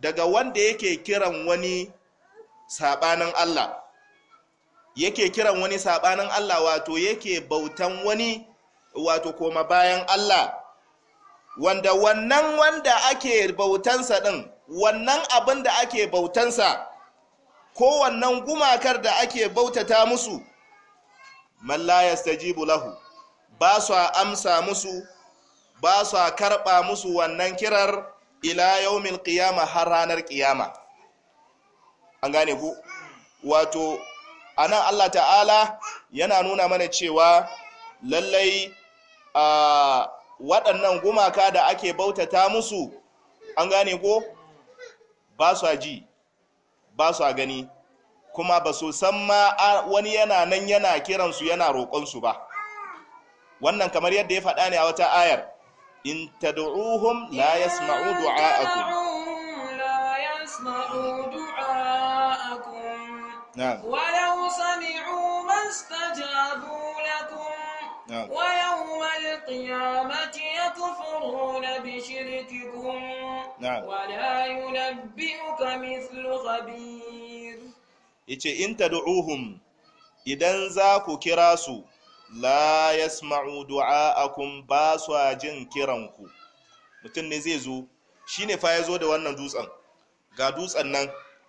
daga wanda yake kiran wani sabanin Allah yake kiran wani sabanin Allah wato yake bautan wani wato koma bayan Allah wanda wannan wanda ake bautansa din wannan abin da ake bautansa ko wannan gumakar da ake bautata musu man la yastajibu lahu ba su amsa musu ba su karba musu wannan kirar ila yawmin qiyama har ranar qiyama an gane ku wato anan Allah ta'ala yana nuna mana cewa lallai a waɗannan gumaka da ake bautata musu an gane ko ba su ji ba su gani kuma ba su san ma wani yana nan yana kiransu yana roƙonsu ba wannan kamar yadda ya faɗa ne a wata ayar in tad'uhum la yasma'u du'a'akum la yasma'u du'a'akum نعم ولو سمعوا ما استجابوا لكم نعم ويوم القيامة يكفرون بشرككم نعم ولا ينبئك مثل خبير يتي إن تدعوهم إذا ذاك كراسو لا yasma'u دعاءكم باسوا جن jin kiranku mutum ne zai zo shine fa ya zo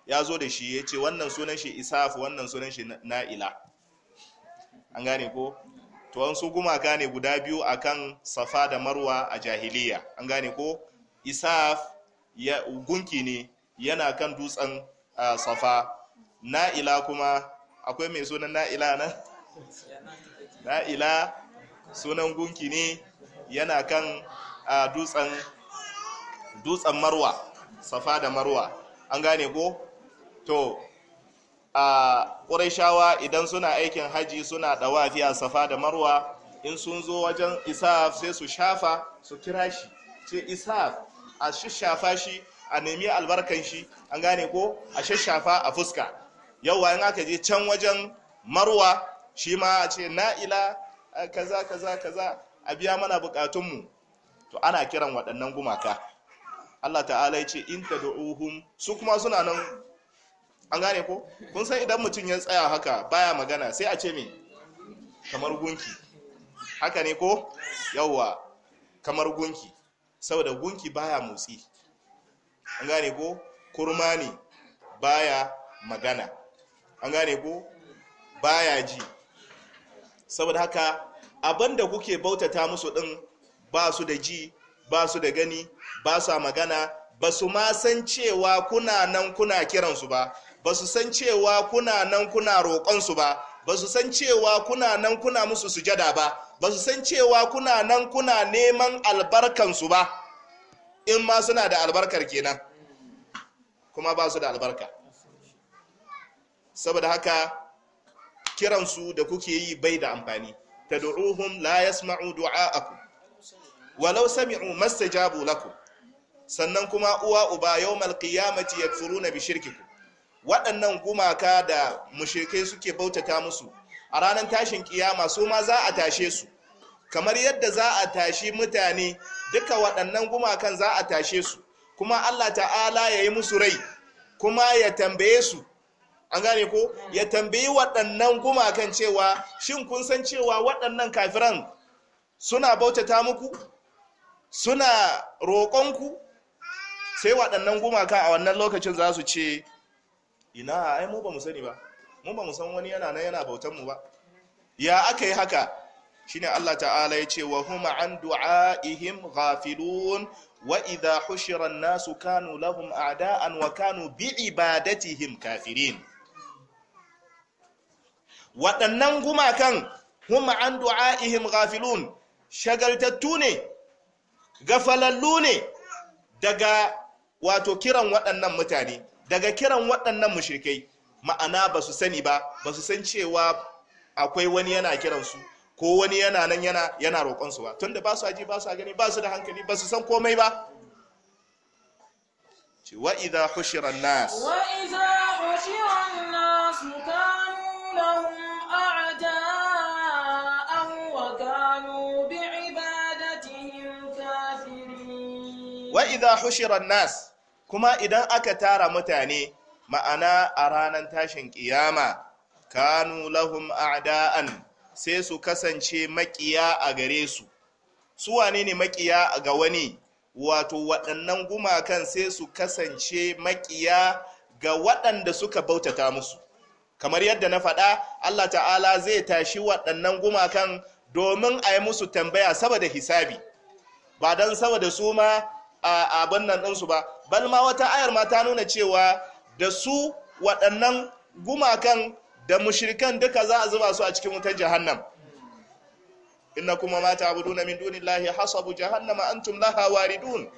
ya zo da shi ya ce wannan sunan shi isaf wannan sunan shi na'ila an gane ko to su gumaka ne guda biyu akan safa da marwa a jahiliya an gane ko isaf ya gunki ne yana kan dutsen safa na'ila kuma akwai mai sunan na'ila nan na'ila sunan gunki ne yana kan dutsen marwa safa da marwa an gane ko to a ƙuraishawa idan suna aikin haji suna ɗawafi a safa da marwa in sun zo wajen isaf sai su shafa su kira shi ce isaf a shafa shi a nemi albarkan shi an gane ko a shafa a fuska yauwa in aka je can wajen marwa shi ma a ce na'ila kaza kaza kaza a biya mana bukatunmu to ana kiran waɗannan gumaka Allah ta'ala ya ce in tad'uhum su kuma suna nan an gane ko kun san idan mutum ya tsaya haka baya magana sai a ce me kamar gunki haka ne ko yawwa kamar gunki saboda gunki baya motsi an gane ko kurma ne baya magana an gane ko baya ji saboda haka abinda kuke bautata musu din ba su da ji ba su da gani ba su magana ba su ma san cewa kuna nan kuna kiransu ba ba su san cewa kuna nan kuna roƙonsu ba ba su san cewa kuna nan kuna musu sujada ba ba su san cewa kuna nan kuna neman albarkansu ba in ma suna da albarkar kenan kuma ba su da albarka saboda haka kiransu da kuke yi bai da amfani ta tad'uhum la yasma'u du'a'akum walau sami'u mastajabu lakum sannan kuma uwa uba yawmal qiyamati yakfuruna bi shirkikum waɗannan gumaka da mushekai suke bautata musu a ranar tashin kiyama su ma za a tashe su kamar yadda za a tashi mutane duka waɗannan gumakan za a tashe su kuma Allah ta'ala ya yi musu rai kuma ya tambaye su an gane ko ya tambayi waɗannan gumakan cewa shin kun san cewa waɗannan kafiran suna bautata muku suna roƙonku sai waɗannan gumaka a wannan lokacin za su ce ina ai mu ba mu sani ba mu ba mu san wani yana nan yana bautan mu ba ya aka yi haka shine Allah ta'ala ya ce wa huma an du'aihim ghafilun wa idha hushira an-nasu kanu lahum a'da'an wa kanu bi ibadatihim kafirin waɗannan gumakan huma an du'aihim ghafilun shagaltattu ne gafalallu ne daga wato kiran waɗannan mutane daga kiran waɗannan mushrikai ma'ana ba su sani ba ba su san cewa akwai wani yana kiransu ko wani yana nan yana yana roƙonsu ba tunda ba su aji ba su gani ba su da hankali ba su san komai ba wa idha hushira nas wa idha hushira nas kanu lahum wa kanu bi'ibadatihim kafirin wa idha hushira nas kuma idan aka tara mutane ma'ana a ranar tashin kiyama kanu lahum a'da'an sai su kasance makiya a gare su su wane ne makiya ga wani wato waɗannan gumakan sai su kasance makiya ga waɗanda suka bautata musu kamar yadda na faɗa Allah ta'ala zai tashi waɗannan gumakan domin a yi musu tambaya saboda hisabi ba don saboda su ma abin nan ɗinsu ba balma wata ayar ma ta nuna cewa da su waɗannan gumakan da mushirkan duka za a zuba su a cikin wutar jahannam inna kuma ma ta'buduna min dunillahi hasabu jahannama antum laha waridun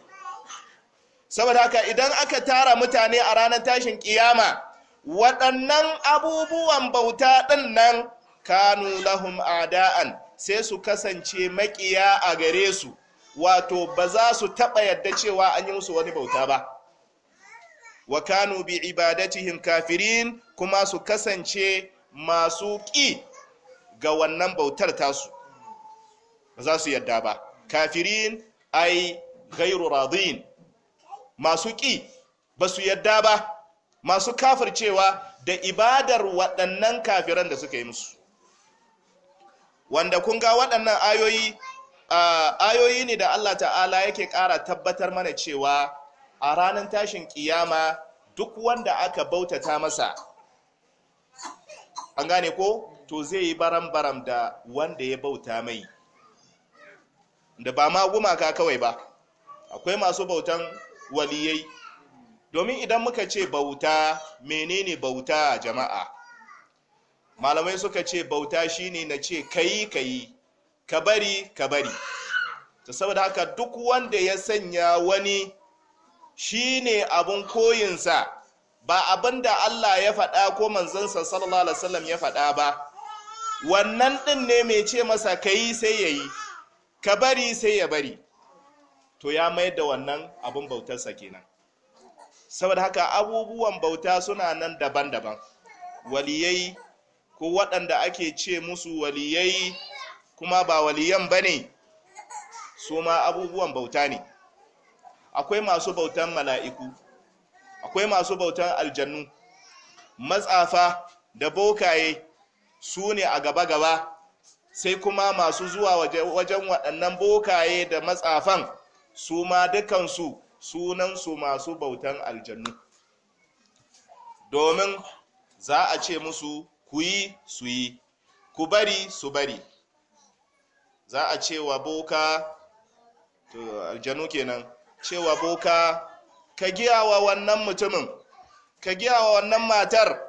saboda haka idan aka tara mutane a ranar tashin kiyama waɗannan abubuwan bauta ɗin nan kanu lahum a'da'an sai su kasance maƙiya a gare su wato ba za su taɓa yadda cewa an yi musu wani bauta ba wa kanu bi ibadatihim kafirin kuma su kasance masu ƙi ga wannan bautar tasu ba za su yadda ba kafirin ai gairu radin masu ƙi ba su yadda ba masu kafircewa da ibadar waɗannan kafiran da suka yi musu wanda kun ga waɗannan ayoyi ayoyi ne da Allah ta'ala yake ƙara tabbatar mana cewa a ranar tashin kiyama duk wanda aka bautata masa an gane ko to zai yi baram-baram da wanda ya bauta mai da ba ma gumaka kawai ba akwai masu bautan waliyai domin idan muka ce bauta menene bauta jama'a malamai suka ce bauta shine na ce kayi kayi ka bari ka bari ta saboda haka duk wanda ya sanya wani shine abun koyinsa ba abin da Allah ya faɗa ko manzansa sallallahu alaihi wasallam ya faɗa ba wannan din ne mai ce masa ka yi sai ya yi ka bari sai ya bari to ya mayar da wannan abin bautarsa kenan saboda haka abubuwan bauta suna nan daban-daban waliyai ko waɗanda ake ce musu waliyai kuma ba waliyan ba ne su ma abubuwan bauta ne akwai masu bautan mala'iku akwai masu bautan aljannu matsafa da bokaye su ne a gaba-gaba sai kuma masu zuwa wajen waɗannan bokaye da matsafan su ma dukansu sunansu masu bautan aljannu domin za a ce musu ku yi su yi ku bari su bari za a cewa boka to aljanu kenan cewa boka ka giyawa wannan mutumin ka giyawa wannan matar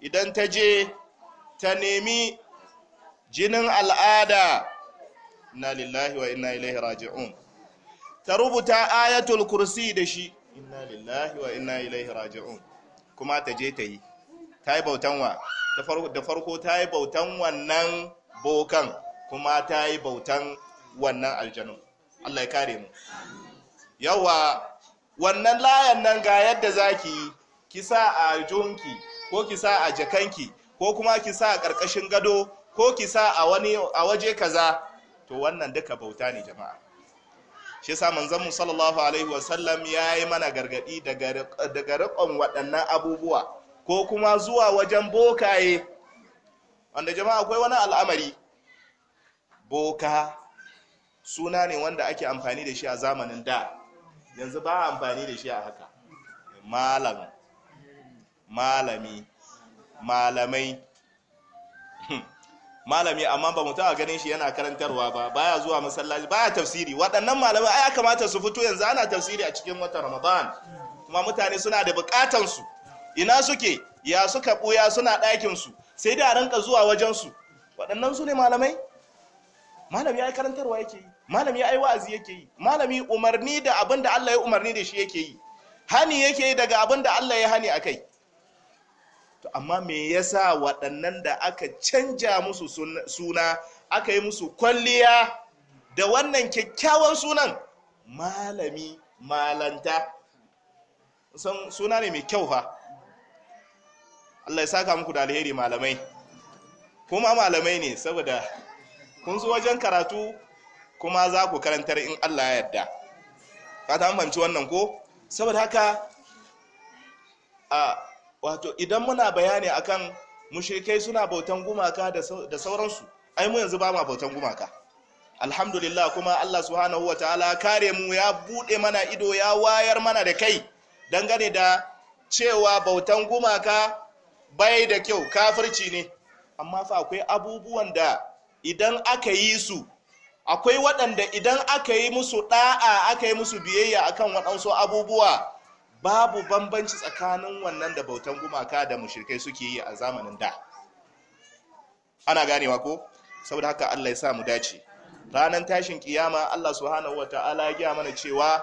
idan ta je ta nemi jinin al'ada inna lillahi wa inna ilaihi raji'un ta rubuta ayatul kursi da shi inna lillahi wa inna ilaihi raji'un kuma ta je ta yi ta yi bautan wa da farko ta yi bautan wannan bokan kuma ta yi bautan wannan aljanu Allah ya kare mu yawa wannan layan nan ga yadda zaki ki sa a junki ko ki sa a jakanki ko kuma ki sa a ƙarƙashin gado ko ki sa a wani a waje kaza to wannan duka bauta ne jama'a shi yasa manzon mu sallallahu alaihi wasallam yayi mana gargadi daga daga riƙon waɗannan abubuwa ko kuma zuwa wajen bokaye wanda jama'a akwai wani al'amari boka suna ne wanda ake amfani da shi a zamanin da yanzu ba amfani da shi a haka malam malami malamai hmm. malami amma ba mutum a ganin shi yana karantarwa ba baya zuwa masallaci baya tafsiri waɗannan malamai ai kamata su fito yanzu ana tafsiri a cikin watan ramadan kuma mutane suna da bukatansu ina suke ya suka ɓuya suna ɗakinsu sai da rinka zuwa wajensu waɗannan su ne malamai malami yi karantarwa yake yi malami yi wa'azi yake yi malami umarni da abin da Allah ya umarni da shi yake yi hani yake yi daga abin da Allah ya hani akai to amma me yasa waɗannan da aka canja musu suna aka yi musu kwalliya da wannan kyakkyawan sunan malami malanta san suna ne mai kyau fa Allah ya saka muku da alheri malamai kuma malamai ne saboda kun zo wajen karatu kuma za ku karantar in Allah ya yarda fata an wannan ko saboda haka a wato idan muna bayani akan mushrikai suna bautan gumaka da sauransu ai mu yanzu ba ma bautan gumaka alhamdulillah kuma Allah subhanahu wataala kare mu ya bude mana ido ya wayar mana da kai dangane da cewa bautan gumaka bai da kyau kafirci ne amma fa akwai abubuwan da idan aka yi su akwai waɗanda idan aka yi musu ɗa'a aka yi musu biyayya akan waɗansu abubuwa babu bambanci tsakanin wannan da bautan gumaka da mushirkai suke yi a zamanin da ana ganewa ko saboda haka Allah ya sa mu dace ranar tashin kiyama Allah subhanahu wataala ya mana cewa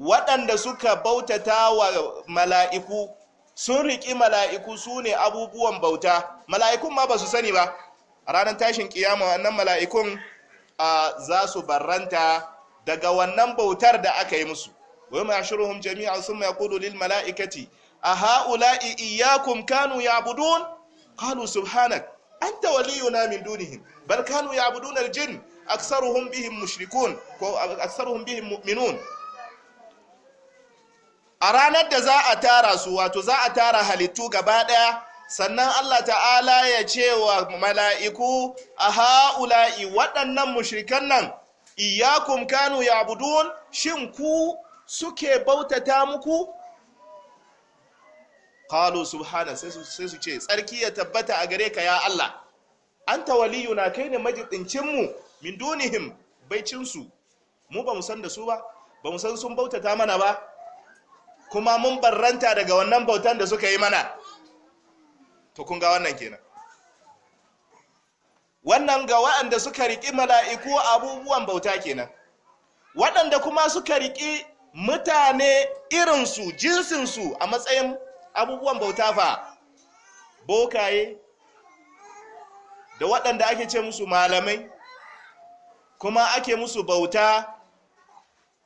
waɗanda suka bautata wa mala'iku sun riƙi mala'iku su ne abubuwan bauta mala'ikun ma ba su sani ba a ranar tashin kiyama wannan mala'ikun za su barranta daga wannan bautar da aka yi musu wai ma shiruhum jami'a sun mai kudu lil mala'ikati a ha'ula'i iyyakum kanu ya'budun qalu subhanak anta waliyuna min dunihim bal kanu ya'budun al jinn aktsaruhum bihim mushrikun ko aktsaruhum bihim mu'minun a ranar da za a tara su wato za a tara halittu gaba daya sannan Allah ta'ala ya ce wa mala'iku a ha'ula'i waɗannan mushrikan nan iyakum kanu ya budun shin ku suke bautata muku? Kalu subhana sai su ce tsarki ya tabbata a gare ka ya Allah an tawaliyu na kai ne majidincinmu min dunihim baicinsu mu ba mu san da su ba ba mu san sun bautata mana ba kuma mun barranta daga wannan bautan da suka yi mana to kun ga wannan kenan wannan ga waɗanda suka riƙi mala'iku abubuwan bauta kenan waɗanda kuma suka riƙi mutane irinsu jinsinsu a matsayin abubuwan bauta fa bokaye da waɗanda ake ce musu malamai kuma ake musu bauta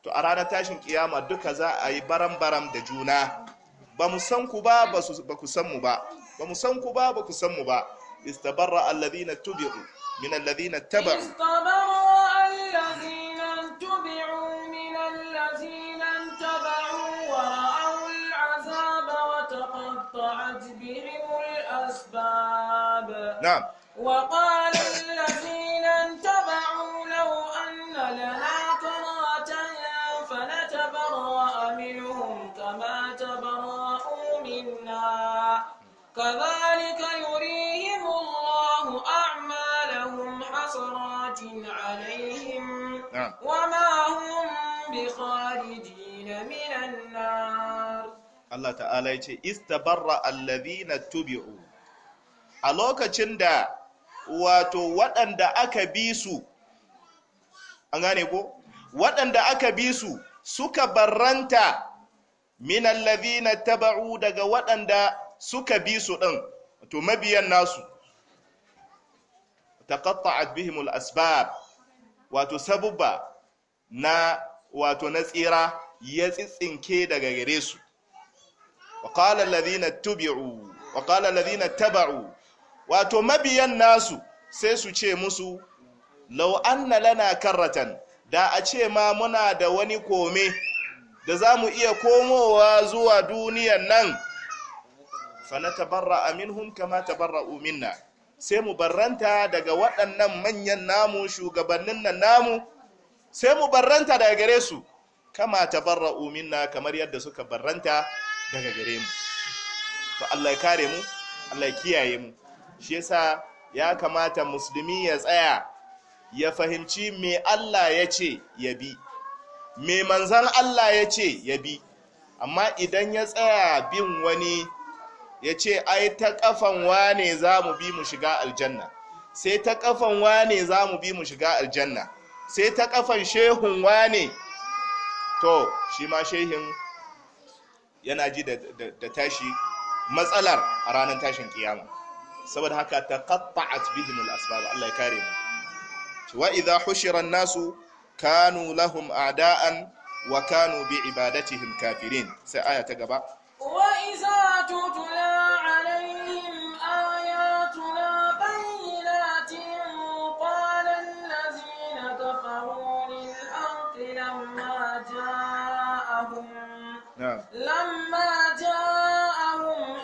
to a ranar tashin kiyama duka za a yi baram-baram da juna ba mu san ku ba ba ku san mu ba ba mu san ku ba ba ku san mu ba istabarra alladhina tubi'u min alladhina taba'u istabarra alladhina tubi'u min alladhina taba'u wa ra'aw al'azab wa taqatta'at bihim al'asbab na'am wa qala كذلك يريهم الله أعمالهم حسرات عليهم وما هم بخارجين من النار الله تعالى استبرأ الذين اتبعوا a lokacin wato waɗanda aka bi su an gane ko waɗanda aka bi su suka barranta min taba'u daga waɗanda suka bi su ɗin, to mabiyan nasu ta bihim al-asbab wato sabubba na wato na tsira ya tsitsinke daga gare su Waƙala qala na taba'u wato mabiyan nasu sai su ce musu lau'annala na lana karratan da a ce ma muna da wani kome da za mu iya komowa zuwa duniyan nan fanatabarra minhum kama tabarra'u minna sai mu barranta daga waɗannan manyan namu shugabannin nan namu sai mu barranta daga gare su kama tabarra'u minna kamar yadda suka barranta daga gare mu to Allah ya kare mu Allah ya kiyaye mu shi yasa ya kamata musulmi ya tsaya ya fahimci me Allah ya ce ya bi me manzan Allah ya ce ya bi amma idan ya tsaya bin wani ya ce ai ta kafan wane za mu bi mu shiga aljanna sai ta kafan wane za mu bi mu shiga aljanna sai ta kafan shehun wane to shi ma shehin yana ji da tashi matsalar a ranar tashin kiyama saboda haka ta qatta'at bihim al-asbab Allah ya kare mu wa idha hushiran nasu kanu lahum a'da'an wa kanu bi ibadatihim kafirin sai aya ta gaba wa idha tutla wa جاءهم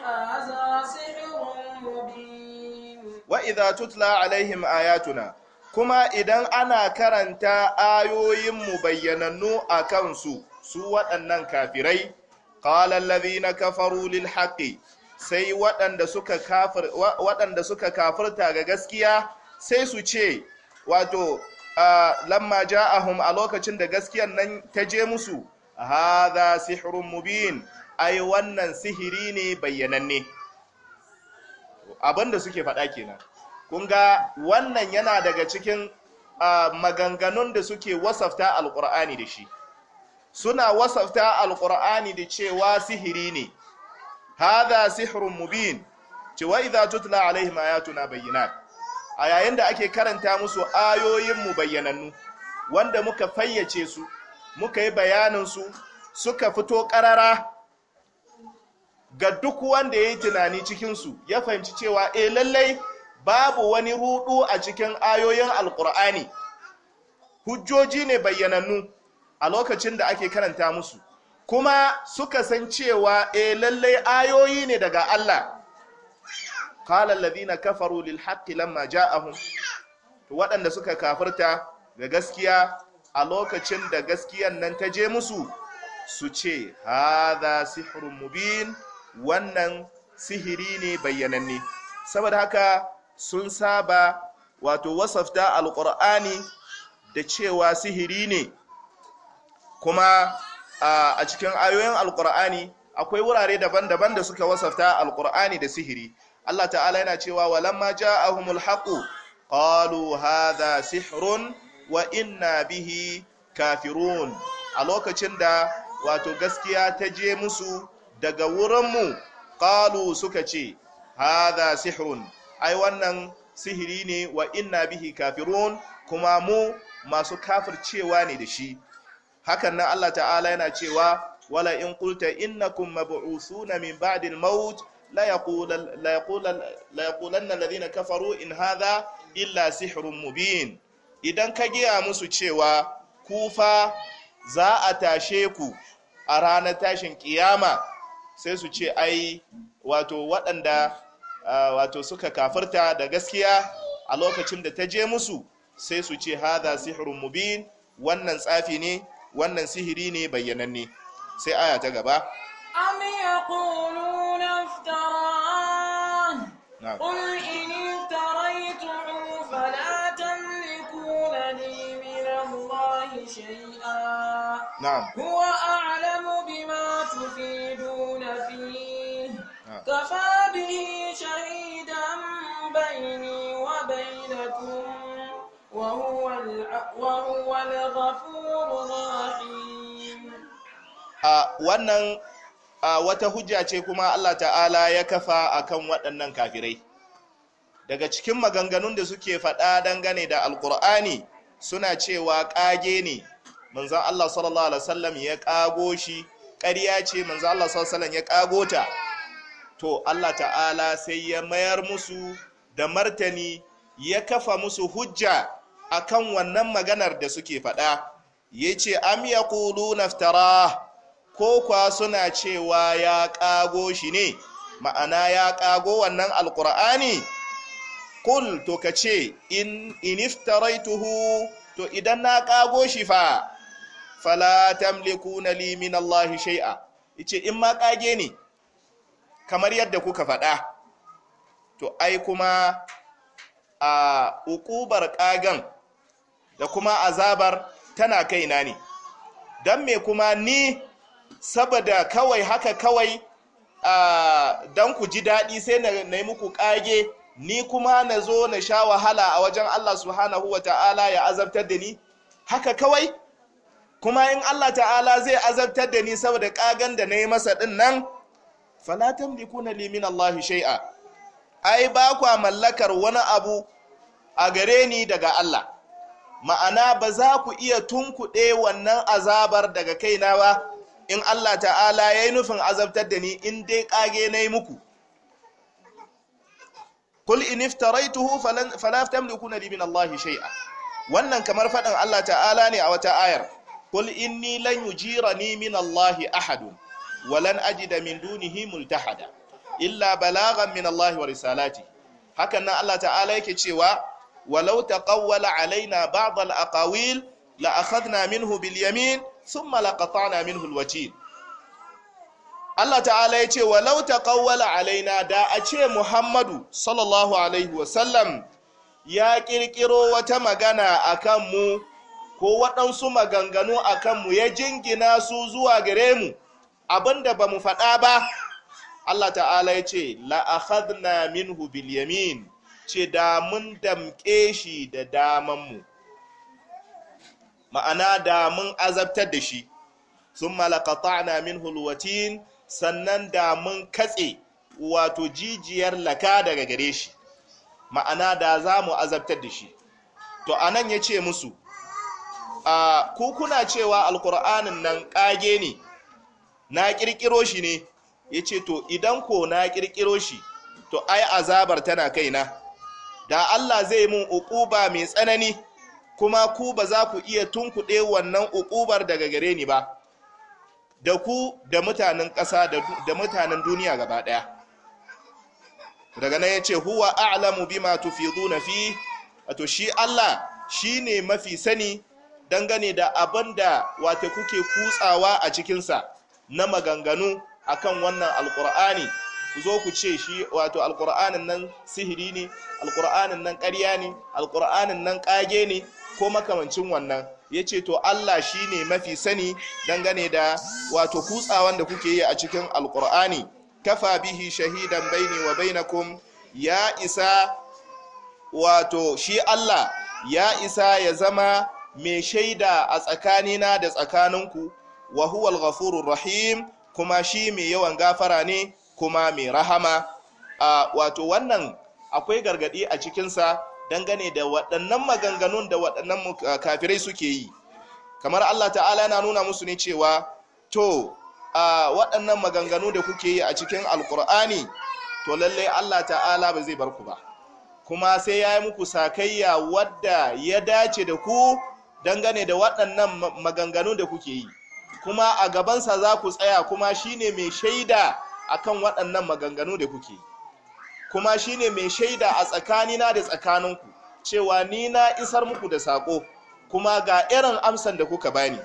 tutla alaihim مبين وإذا kuma idan ana karanta mu bayyanannu a kansu su waɗannan kafirai qala na kafaru lil haqqi sai waɗanda suka kafirta ga gaskiya sai su ce wato lamma ja'ahum a lokacin da gaskiyan nan ta je musu hada sihrun mubin ai wannan sihiri ne bayyananne abinda suke faɗa kenan kun ga wannan yana daga cikin maganganun da suke wasafta alƙur'ani da shi suna wasafta alƙur'ani da cewa sihiri ne hada sihrun mubin cewa idza tutla alaihim ayatuna bayyinat a yayin da ake karanta musu ayoyin mu bayyanannu wanda muka fayyace su muka yi bayanin su suka fito ƙarara ga duk wanda ya yi tunani cikinsu ya fahimci cewa e lallai babu wani rudu a cikin ayoyin alkur'ani hujjoji ne bayyanannu a lokacin da ake karanta musu kuma suka san cewa e lallai ayoyi ne daga Allah qala alladhina kafaru lil haqqi lamma ja'ahum to waɗanda suka kafirta ga gaskiya a lokacin da gaskiyan nan ta je musu su ce haza sihrun mubin wannan sihiri ne bayyananne saboda haka sun saba wato wasafta alqur'ani da cewa sihiri ne kuma a cikin ayoyin alƙur'ani akwai wurare daban-daban da suka wasafta alqur'ani da sihiri Allah ta'ala yana cewa walamma ja'ahumul haqu qalu hadha sihrun wa inna bihi kafirun a lokacin da wato gaskiya ta je musu daga wurinmu qalu suka ce hadha sihrun ai wannan sihiri ne wa inna bihi kafirun kuma mu masu kafircewa ne da shi hakan nan Allah ta'ala yana cewa wala in qulta innakum mab'usuna min ba'di al-maut la yaqulu la yaqulu la yaqulanna alladhina kafaru in hadha illa sihrun mubin idan ka giya musu cewa kufa za a tashe ku a ranar tashin kiyama sai su ce ai wato waɗanda wato suka kafarta da gaskiya a lokacin da ta je musu sai su ce haza sihirin mubin wannan tsafi ne wannan sihiri ne bayyananne sai aya ta gaba ya yaquluna na qul ƙul'ini شيئا نعم هو أعلم بما تفيدون فيه كفى به شهيدا بيني وبينكم وهو وهو الغفور الرحيم وأنا wata hujja ce kuma Allah ta'ala ya kafa akan waɗannan kafirai daga cikin maganganun da suke faɗa dangane da alkur'ani suna cewa ƙage ne manzan Allah sallallahu alaihi wasallam ya ƙago shi ƙarya ce manzan Allah sallallahu alaihi wasallam ya ƙago ta to Allah ta'ala sai ya mayar musu da martani ya kafa musu hujja akan wannan maganar da suke faɗa ya ce am ya ƙulu naftara ko kwa suna cewa ya ƙago shi ne ma'ana ya ƙago wannan alƙur'ani Kul to ka ce in iniftaraituhu to idan na kago shi fa fala tamlikuna li min Allah shay'a yace in ma kage ne kamar yadda kuka faɗa to ai kuma a ukubar kagan da kuma azabar tana kaina ne don me kuma ni saboda kawai haka kawai don ku ji daɗi sai na yi muku ƙage ni kuma na zo na sha wahala a wajen Allah subhanahu wa ta'ala ya azabtar da ni haka kawai kuma in Allah ta'ala zai azabtar da ni saboda kagan da na yi masa din nan fala tamlikuna li min Allah shay'a ai ba kwa mallakar wani abu a gare ni daga Allah ma'ana ba za ku iya tunkuɗe wannan azabar daga kaina ba in Allah ta'ala ya yi nufin azabtar da ni in dai kage na yi muku kul in iftaraituhu falan fala tamlikuna li min allahi shay'a wannan kamar fadin Allah ta'ala ne a wata ayar kul inni lan yujirani min allahi ahadun walan ajida min dunihi multahada illa balagan min allahi wa risalati hakan nan Allah ta'ala yake cewa walau taqawwala alaina ba'd al-aqawil la akhadna minhu bil yamin thumma laqata'na minhu al-watin Allah ta'ala ya ce walau ƙawwala alaina da a ce Muhammadu sallallahu alaihi wasallam ya ƙirƙiro wata magana a kanmu ko waɗansu maganganu a kanmu ya jingina su zuwa gare mu abinda ba mu faɗa ba Allah ta'ala ya ce na minhu hubil yamin ce damun mun damƙe shi da damanmu ma'ana damun azabtar da shi sun malakata na min hulwatin sannan da mun katse wato jijiyar laka daga gare shi ma'ana da za mu azabtar da shi to anan ya ce musu a kuna cewa alkur'anin nan ƙage ne na ƙirƙiro shi ne ya ce to idan ko na ƙirƙiro shi to ai azabar tana kai na. da allah zai mun uƙuba mai tsanani kuma ku ba za ku iya tunkuɗe wannan uƙubar daga gare ni ba da ku da mutanen ƙasa da mutanen duniya gaba ɗaya daga nan ya ce huwa a'lamu bima na fi wato shi Allah shi ne mafi sani dangane da abin da wata kuke kutsawa a cikinsa na maganganu akan wannan alkur'ani ku zo ku ce shi wato alkur'anin nan sihiri ne alkur'anin nan ƙarya ne alkur'anin nan ƙage ne ko makamancin wannan ya ce to Allah shi ne mafi sani dangane da wato kutsawan da kuke yi a cikin alkur'ani kafa bihi shahidan baini wa bainakum ya isa wato shi Allah ya isa ya zama mai shaida a tsakanina da tsakaninku wa huwal ghafurur rahim kuma shi mai yawan gafara ne kuma mai rahama wato wannan akwai gargadi a cikinsa dangane da waɗannan maganganun da waɗannan ah, kafirai suke yi kamar Allah ta'ala na nuna musu ne cewa to a ah, waɗannan maganganu da kuke yi a cikin alkur'ani to lallai Allah ta'ala ba zai bar ku ba kuma sai ya yi muku sakayya wadda ya dace da ku dangane da waɗannan maganganu da kuke yi kuma a gabansa za ku tsaya kuma shine mai shaida akan waɗannan maganganu da kuke yi kuma shine mai shaida a tsakanina da tsakaninku cewa ni na isar muku da sako kuma ga irin amsan da kuka bani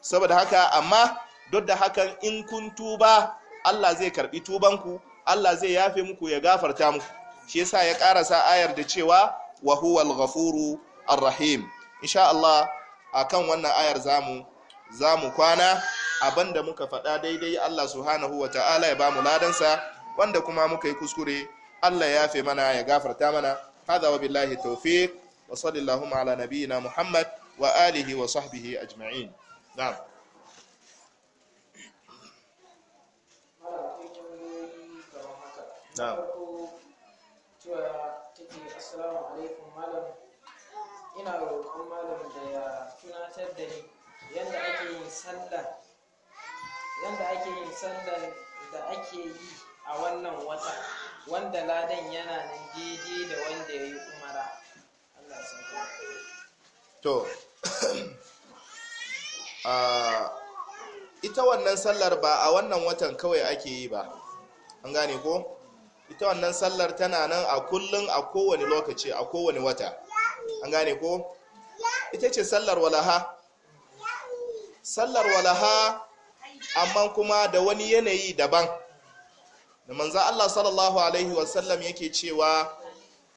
saboda haka amma duk da hakan in kun tuba Allah zai karbi tubanku Allah zai yafe muku ya gafarta muku shi yasa ya karasa ayar da cewa wa huwal ghafuru arrahim insha Allah akan wannan ayar zamu zamu kwana abanda muka faɗa daidai Allah subhanahu wataala ya bamu ladansa wanda kuma muka yi kuskure Allah ya yafe mana ya gafarta mana hada wa billahi tawfiq wa sallallahu ala nabiyyina muhammad wa alihi wa sahbihi ajma'in na'am na'am assalamu alaikum malam ina roƙon malam da ya tunatar da ni yadda ake yin sallah yadda ake yin sallah da ake yi a wannan wata wanda ladan yana nan jeje da wanda ya yi umara Allah ya to [COUGHS] ita wannan sallar ba a wannan watan kawai ake yi ba an gane ko ita wannan sallar tana nan a kullum a kowane lokaci a kowane wata an gane ko ita ce sallar walaha sallar walaha amma kuma da wani yanayi daban da manza Allah sallallahu alaihi wasallam yake cewa